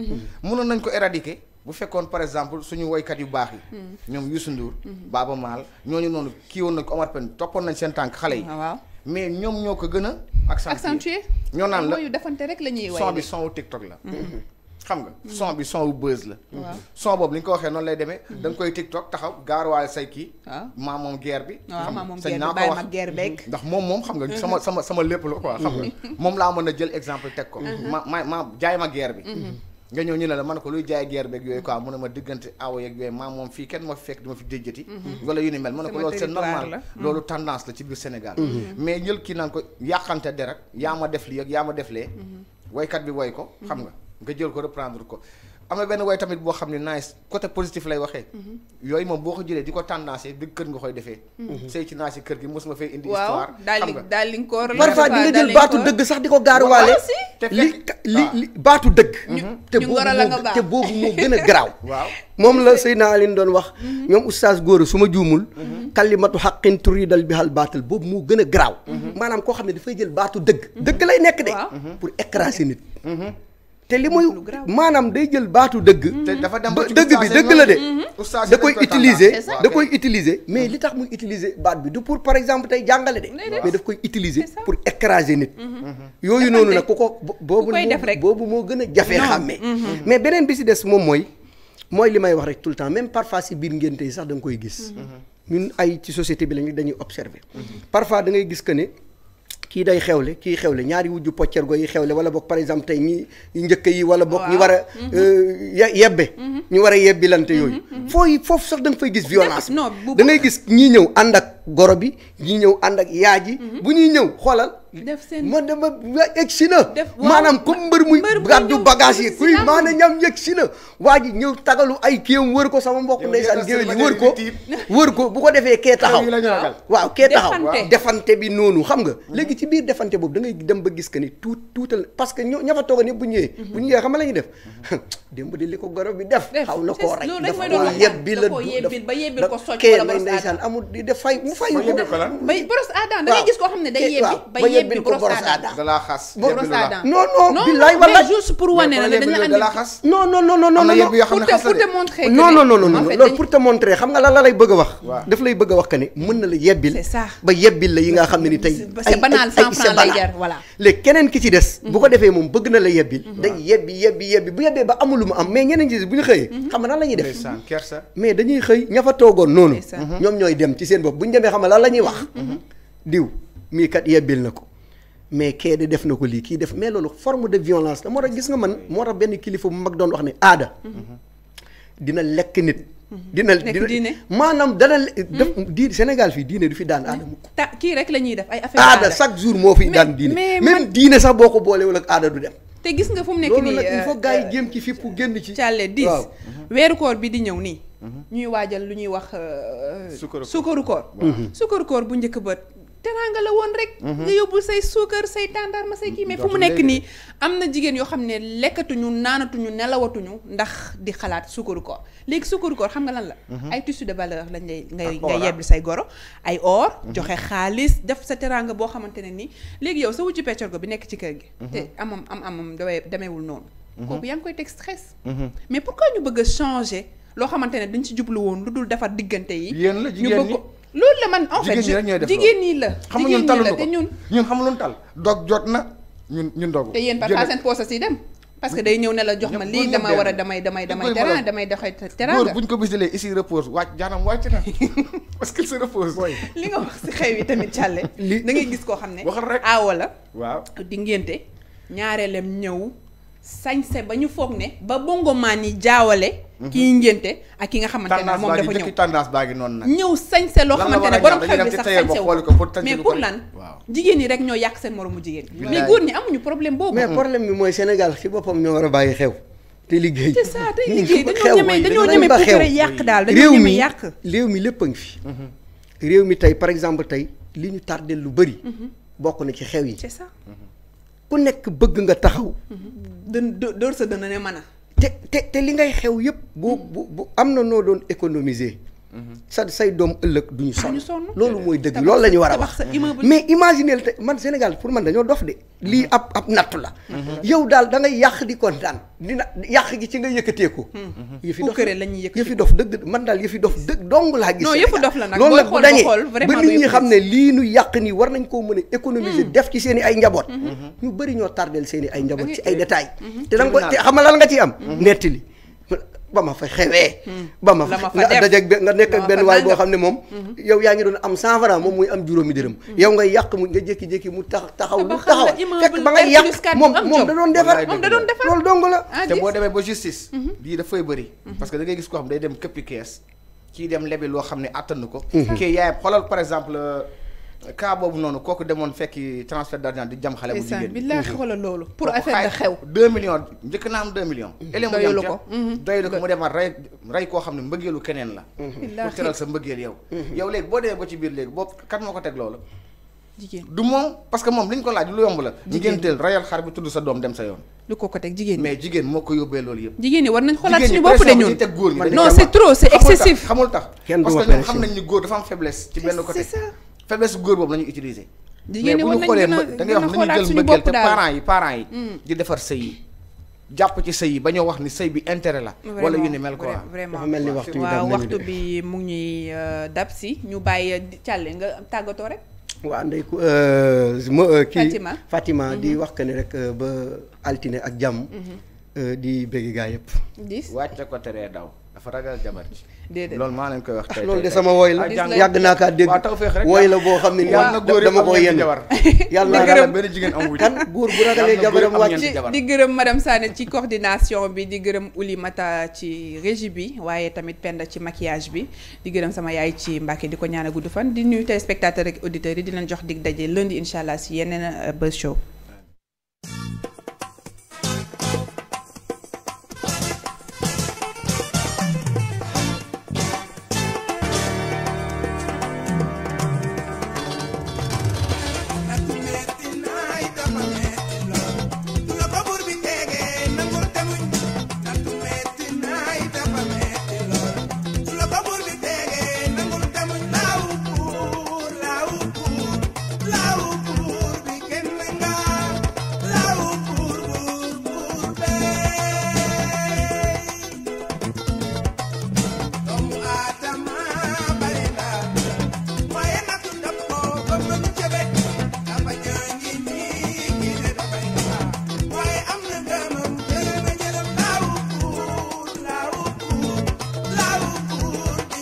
mënoon nañ ko éradiquer. bu fekkoon par exemple suñu woykat yu baax yi. Hmm. ñoom Youssou Ndour. Hmm. Baaba Maal ñu noonu kii woon na ko Omar Pène toppoon nañ seen tànk xale yi. Ah, mais ñoom ñoo ko gën a. accentuer ñoo naan la mooy defante rek la ñuy. son bi son wu TikTok la. Hmm. xam nga son bi son wu buzz la. son boobu li nga ko waxee noonu lay demee. da nga koy TikTok taxaw gaaruwaale say kii. waaw maa moom guerre bi. waaw maa moom guerre bi bàyyi ma guerre beeg ndax moom moom xam nga sama sama sama lépp la quoi. xam nga moom laa mën a jël exemple teg ko. ma ma ma jaay ma guerre bi. nga ñëw ñu ne la man ko luy jaay guerre beeg yooyu quoi mu ne ma diggante awo yeeg yooyu maam moom fii kenn ma fekk duma fi déjjati mhm. wala yu ni mel ma ne ko loolu c'est normal loolu mhm. tendance la ci biir Sénégal mhm. mais ñël kii naan ko yàqante de rek yaa ma def lii ak yaa ma def lee waykat bi woy ko xam nga nga jël ko reprendre ko am na benn way tamit boo xam ne nice côté positif lay waxee. Mhm. yooyu moom boo ko jëlee di ko tendance dëgg kër nga koy defee. Mhm. sëy ci naa si kër gi mos ma fay indi. histoire xam nga daal di koor parfois di nga jël baatu dëgg sax di ko gaaruwaale. li li li baatu dëgg. Mhm. te boobu te boobu moo gën a (laughs) garaaw. waaw moom la sey naa Alioune doon wax. ñoom oustaz Gora su ma juumul. kalimatu xaqin bi bihal baatal boobu moo gën a garaaw. maanaam koo xam ne dafay jël baatu dëgg. dëgg lay nekk de. pour écraser nit. te li muy maanaam day jël baatu dëgg. Mm-hmm. dafa dem ba dëgg bi dëgg la de. da koy utiliser da koy utiliser mais mm-hmm. li tax mu utiliser baat bi du pour par exemple tey jàngale de. mais daf koy utiliser pour écraser nit. Mm-hmm. yooyu noonu nag ku ko boobu boobu moo gën a jafe xàmmee. mais beneen bi si des moom mooy mooy li may wax rek tout le temps même parfois si biir ngénte yi sax da koy gis. ñun ay ci société bi lañu dañuy observer. parfois da ngay gis que ne. kii day xewle kii xewle ñaari wujju poccergo yi xewle wala boog par exemple tey ñi njëkk yi wala boog ñu war a mhm. euh, yebbe mhm. ñu war a yebbilante mhm. yooyu fooy foofu sax da nga fay gis violence da ngay gis ñii ñëw ànd ak goro bi ñii ñëw ànd ak yaay ji bu ñuy ñëw xoolal def seen man dama yegg si na. def maanaam comme mbër muy. gàddu bagage yi kuy maanaam ñam yegg si na. waa ji ñëw tagalu ay kéem wër ko sama mbokk ndeysaan géwél yi wër ko. wër ko bu ko defee kee taxaw. waaw kee taxaw defante bi noonu xam nga. Mm-hmm. léegi ci biir defante boobu da ngay ba gis que ni tuut tuutal parce que ñoo ña fa toogoon yëpp bu ñëwee. Mm-hmm. bu ñëwee xam nga la ñuy def. (laughs) démb di li ko goro bi def. xaw na koo rek dafa waa yebbi la du daf kee lay ndeysaan amul di def fay mu fay ko. ba ceeb bi brosse à dents da laa xas non non billaay wala juste lay bëgg a wax daf lay bëgg a wax que ne mën na la yebbil ba yebbil la yi nga xam ne ni tey c'est banal cent francs lay keneen ki ci des bu ko mhm. defee moom bëgg na la yebbil mhm. day yebbi yebbi bu yebbee ba amul lu mu am mais ñeneen mhm. ci seen bopp bu ñu demee xam nga la ñuy wax diw mii kat yebbil na ko mais kee de def na ko lii kii def mais loolu forme de violence la moo tax gis nga man moo tax benn kilifa bu mag doon wax ne aada. dina lekk nit. dina dina maanaam dana. Hmm. def di Sénégal fii diine du fi daan aada. ta kii rek la ñuy def ay affaire aada chaque jour moo fi daan diine. même diine sax boo ko boolewul ak aada du dem. te gis nga fu mu nekk nii loolu nag il faut gars yi euh, jéem ci fippu génn ci. càlle diis weeru koor bi di ñëw nii. Mhm. ñuy waajal lu ñuy wax. Euh, sukkaru koor sukkaru mhm. koor bu njëkk bët. teraanga la woon rek. Mhm. nga yóbbul say suukar say tàndarma say kii mais fu mu nekk nii am na jigéen yoo xam ne lekkatuñu naanatuñu nelawatuñu ndax di xalaat suukaru koor léegi suukaru koor xam nga lan la. Mhm. ay tissus de valeur lay. ngay ngay yebbi say goro ay mhm. joxe xaalis def sa teraanga boo xamante ne nii léegi yow sa wucci peccorgo bi nekk ci kër gi. te amam am amam damay demeewul noonu. kooku yaa ngi koy teg stress. mais pourquoi ñu bëgg a changer loo xamante ne dañ ci jublu woon lu dul defar diggante yi. yéen la jigéen ñi ñu bëgg. loolu la man en fait jigéen ñi rek ñooy def jigéen ñi la. jigéen ñi la te ñun ñun xamuñu tal dog jot na ñun ñun dogu. te yéen parfois seen poche dem. parce que day ñëw ne la jox ma lii dama war a damay damay damay teraanga damay doxee teraanga góor bu ñu ko bisalee ici repose wàcc jaanam wàcc na (laughs) parce que se repose li nga wax si xew yi tamit càlle li da ngay gis koo xam ne waxal rek aawa la waaw di ngénte ñaareelam ñëw sañse ba ñu foog ne ba bongomaan yi jaawale Mhm. kii ngénte ak ki nga xamante ne moom dafa ñëw baa ngi noonu nag ñëw sañse loo xamante ne borom xel bi sax sañse wu mais pour lan jigéen ñi rek ñoo yàq seen moromu jigéen mais góor ñi amuñu problème boobu mais problème bi mooy Sénégal ci boppam ñoo war a bàyyi xew te liggéey c'est ça day liggéey dañoo ñeme dañoo ñeme pour yàq daal dañoo ñeme yàq réew mi lépp a ngi fi mhm. réew mi tey par exemple tey li ñu tardé lu bëri mhm. bokk na ci xew yi c'est ça ku nekk bëgg nga taxaw dën dóor sa dëna ne mën te te te li ngay xew yëpp bu bu bu am na noo doon économiser sa say doom ëllëg du ñu sonn loolu mooy dëgg loolu la ñu war a wax mais imaginez te man Sénégal pour man dañoo dof de lii ab ab nattu la yow daal da ngay yàq di kontaan dina yàq gi ci nga yëkkatee ko yëfi dof yëfi dof dëgg man daal yëfi dof dëgg dong laa gis loolu nag la dañee ba nit ñi xam ne lii nu yàq nii war nañ koo mën a économiser hmm. def ci seen i ay njaboot hmm. ñu bëri ñoo tardeel seen i ay njaboot ci ay détails hmm. te danga ko te xam nga lan nga ciy am ba ma fa xewee. Hmm. ba ma fa dajeeg nga nekk benn waay boo xam ne moom. Hmm. yow yaa ngi doon am 100 moom muy am juróomi dërëm. Hmm. yow nga yàq nga jékki-jékki mu tax taxaw lu taxaw fekk ba nga yàq moom da doon defar loolu dong la. Ah, te boo demee ba justice. lii mhm. dafay bëri. Mhm. parce que da gis koo xam day dem këppi kees. kii dem lebi loo xam ne àttan ko. Mhm. kii yaayam xoolal par exemple. Euh, cas boobu noonu kooku demoon fekki transfert d'argent di jam xale bu jigéen bi laa loolu pour affaire de xew deux millions njëkk naa am deux millions élève mm-hmm. mu doylu ko mm-hmm. doylu ko mu demaat rey koo xam ne mbëggeelu keneen la pour mm-hmm. teral sa mbëggeel yow yow léegi boo demee ba ci biir léegi boobu kat moo du moom parce moom li ñu ko laaj lu yomb la jigéen teel rayal xar bi tudd sa doom dem sa yoon lu ko ko teg jigéen mais jigéen moo ko yóbbee loolu yëpp jigéen ñi war nañ xoolaat suñu bopp de ñun teg góor ñi non c'est trop c'est excessif faiblesse góor boobu la ñuy utiliser. mais bu ñu xoolee da wax nañu jël mbëggeel te parents yi parents yi. Hmm. di defar sëy yi jàpp ci sëy yi ba ñoo wax ni sëy bi intérêt la. wala yu ni mel ko dafa mel ni waxtu bi waaw waxtu bi mu ngi ñuy euh, dab si ñu bàyyi càlle euh, nga tàggatoo rek. waa ndey ku euh, ma kii Fatima hmm. di wax que ne rek ba altine ak jàmm. Hmm. di bëgg gaa yëpp. gis wàcce ko teree daw dafa ragal jabar ji. déedéet loolu maa leen koy wax tey loolu de sama woy la ah, yàgg naa kaa dégg woy la boo xam ne nii dama ko yenn (laughs) yàlla ragal benn jigéen amu kan góor bu ragalee jabaram wàcc di gërëm madame ci coordination bi di gërëm Uli Mata ci régie bi waaye tamit Penda ci maquillage bi di gërëm sama yaay ci Mbàkke di ko ñaan gudd fan di nuyu téléspectateurs ak auditeur yi di leen jox dig daje lundi incha allah si yeneen euh, buzz show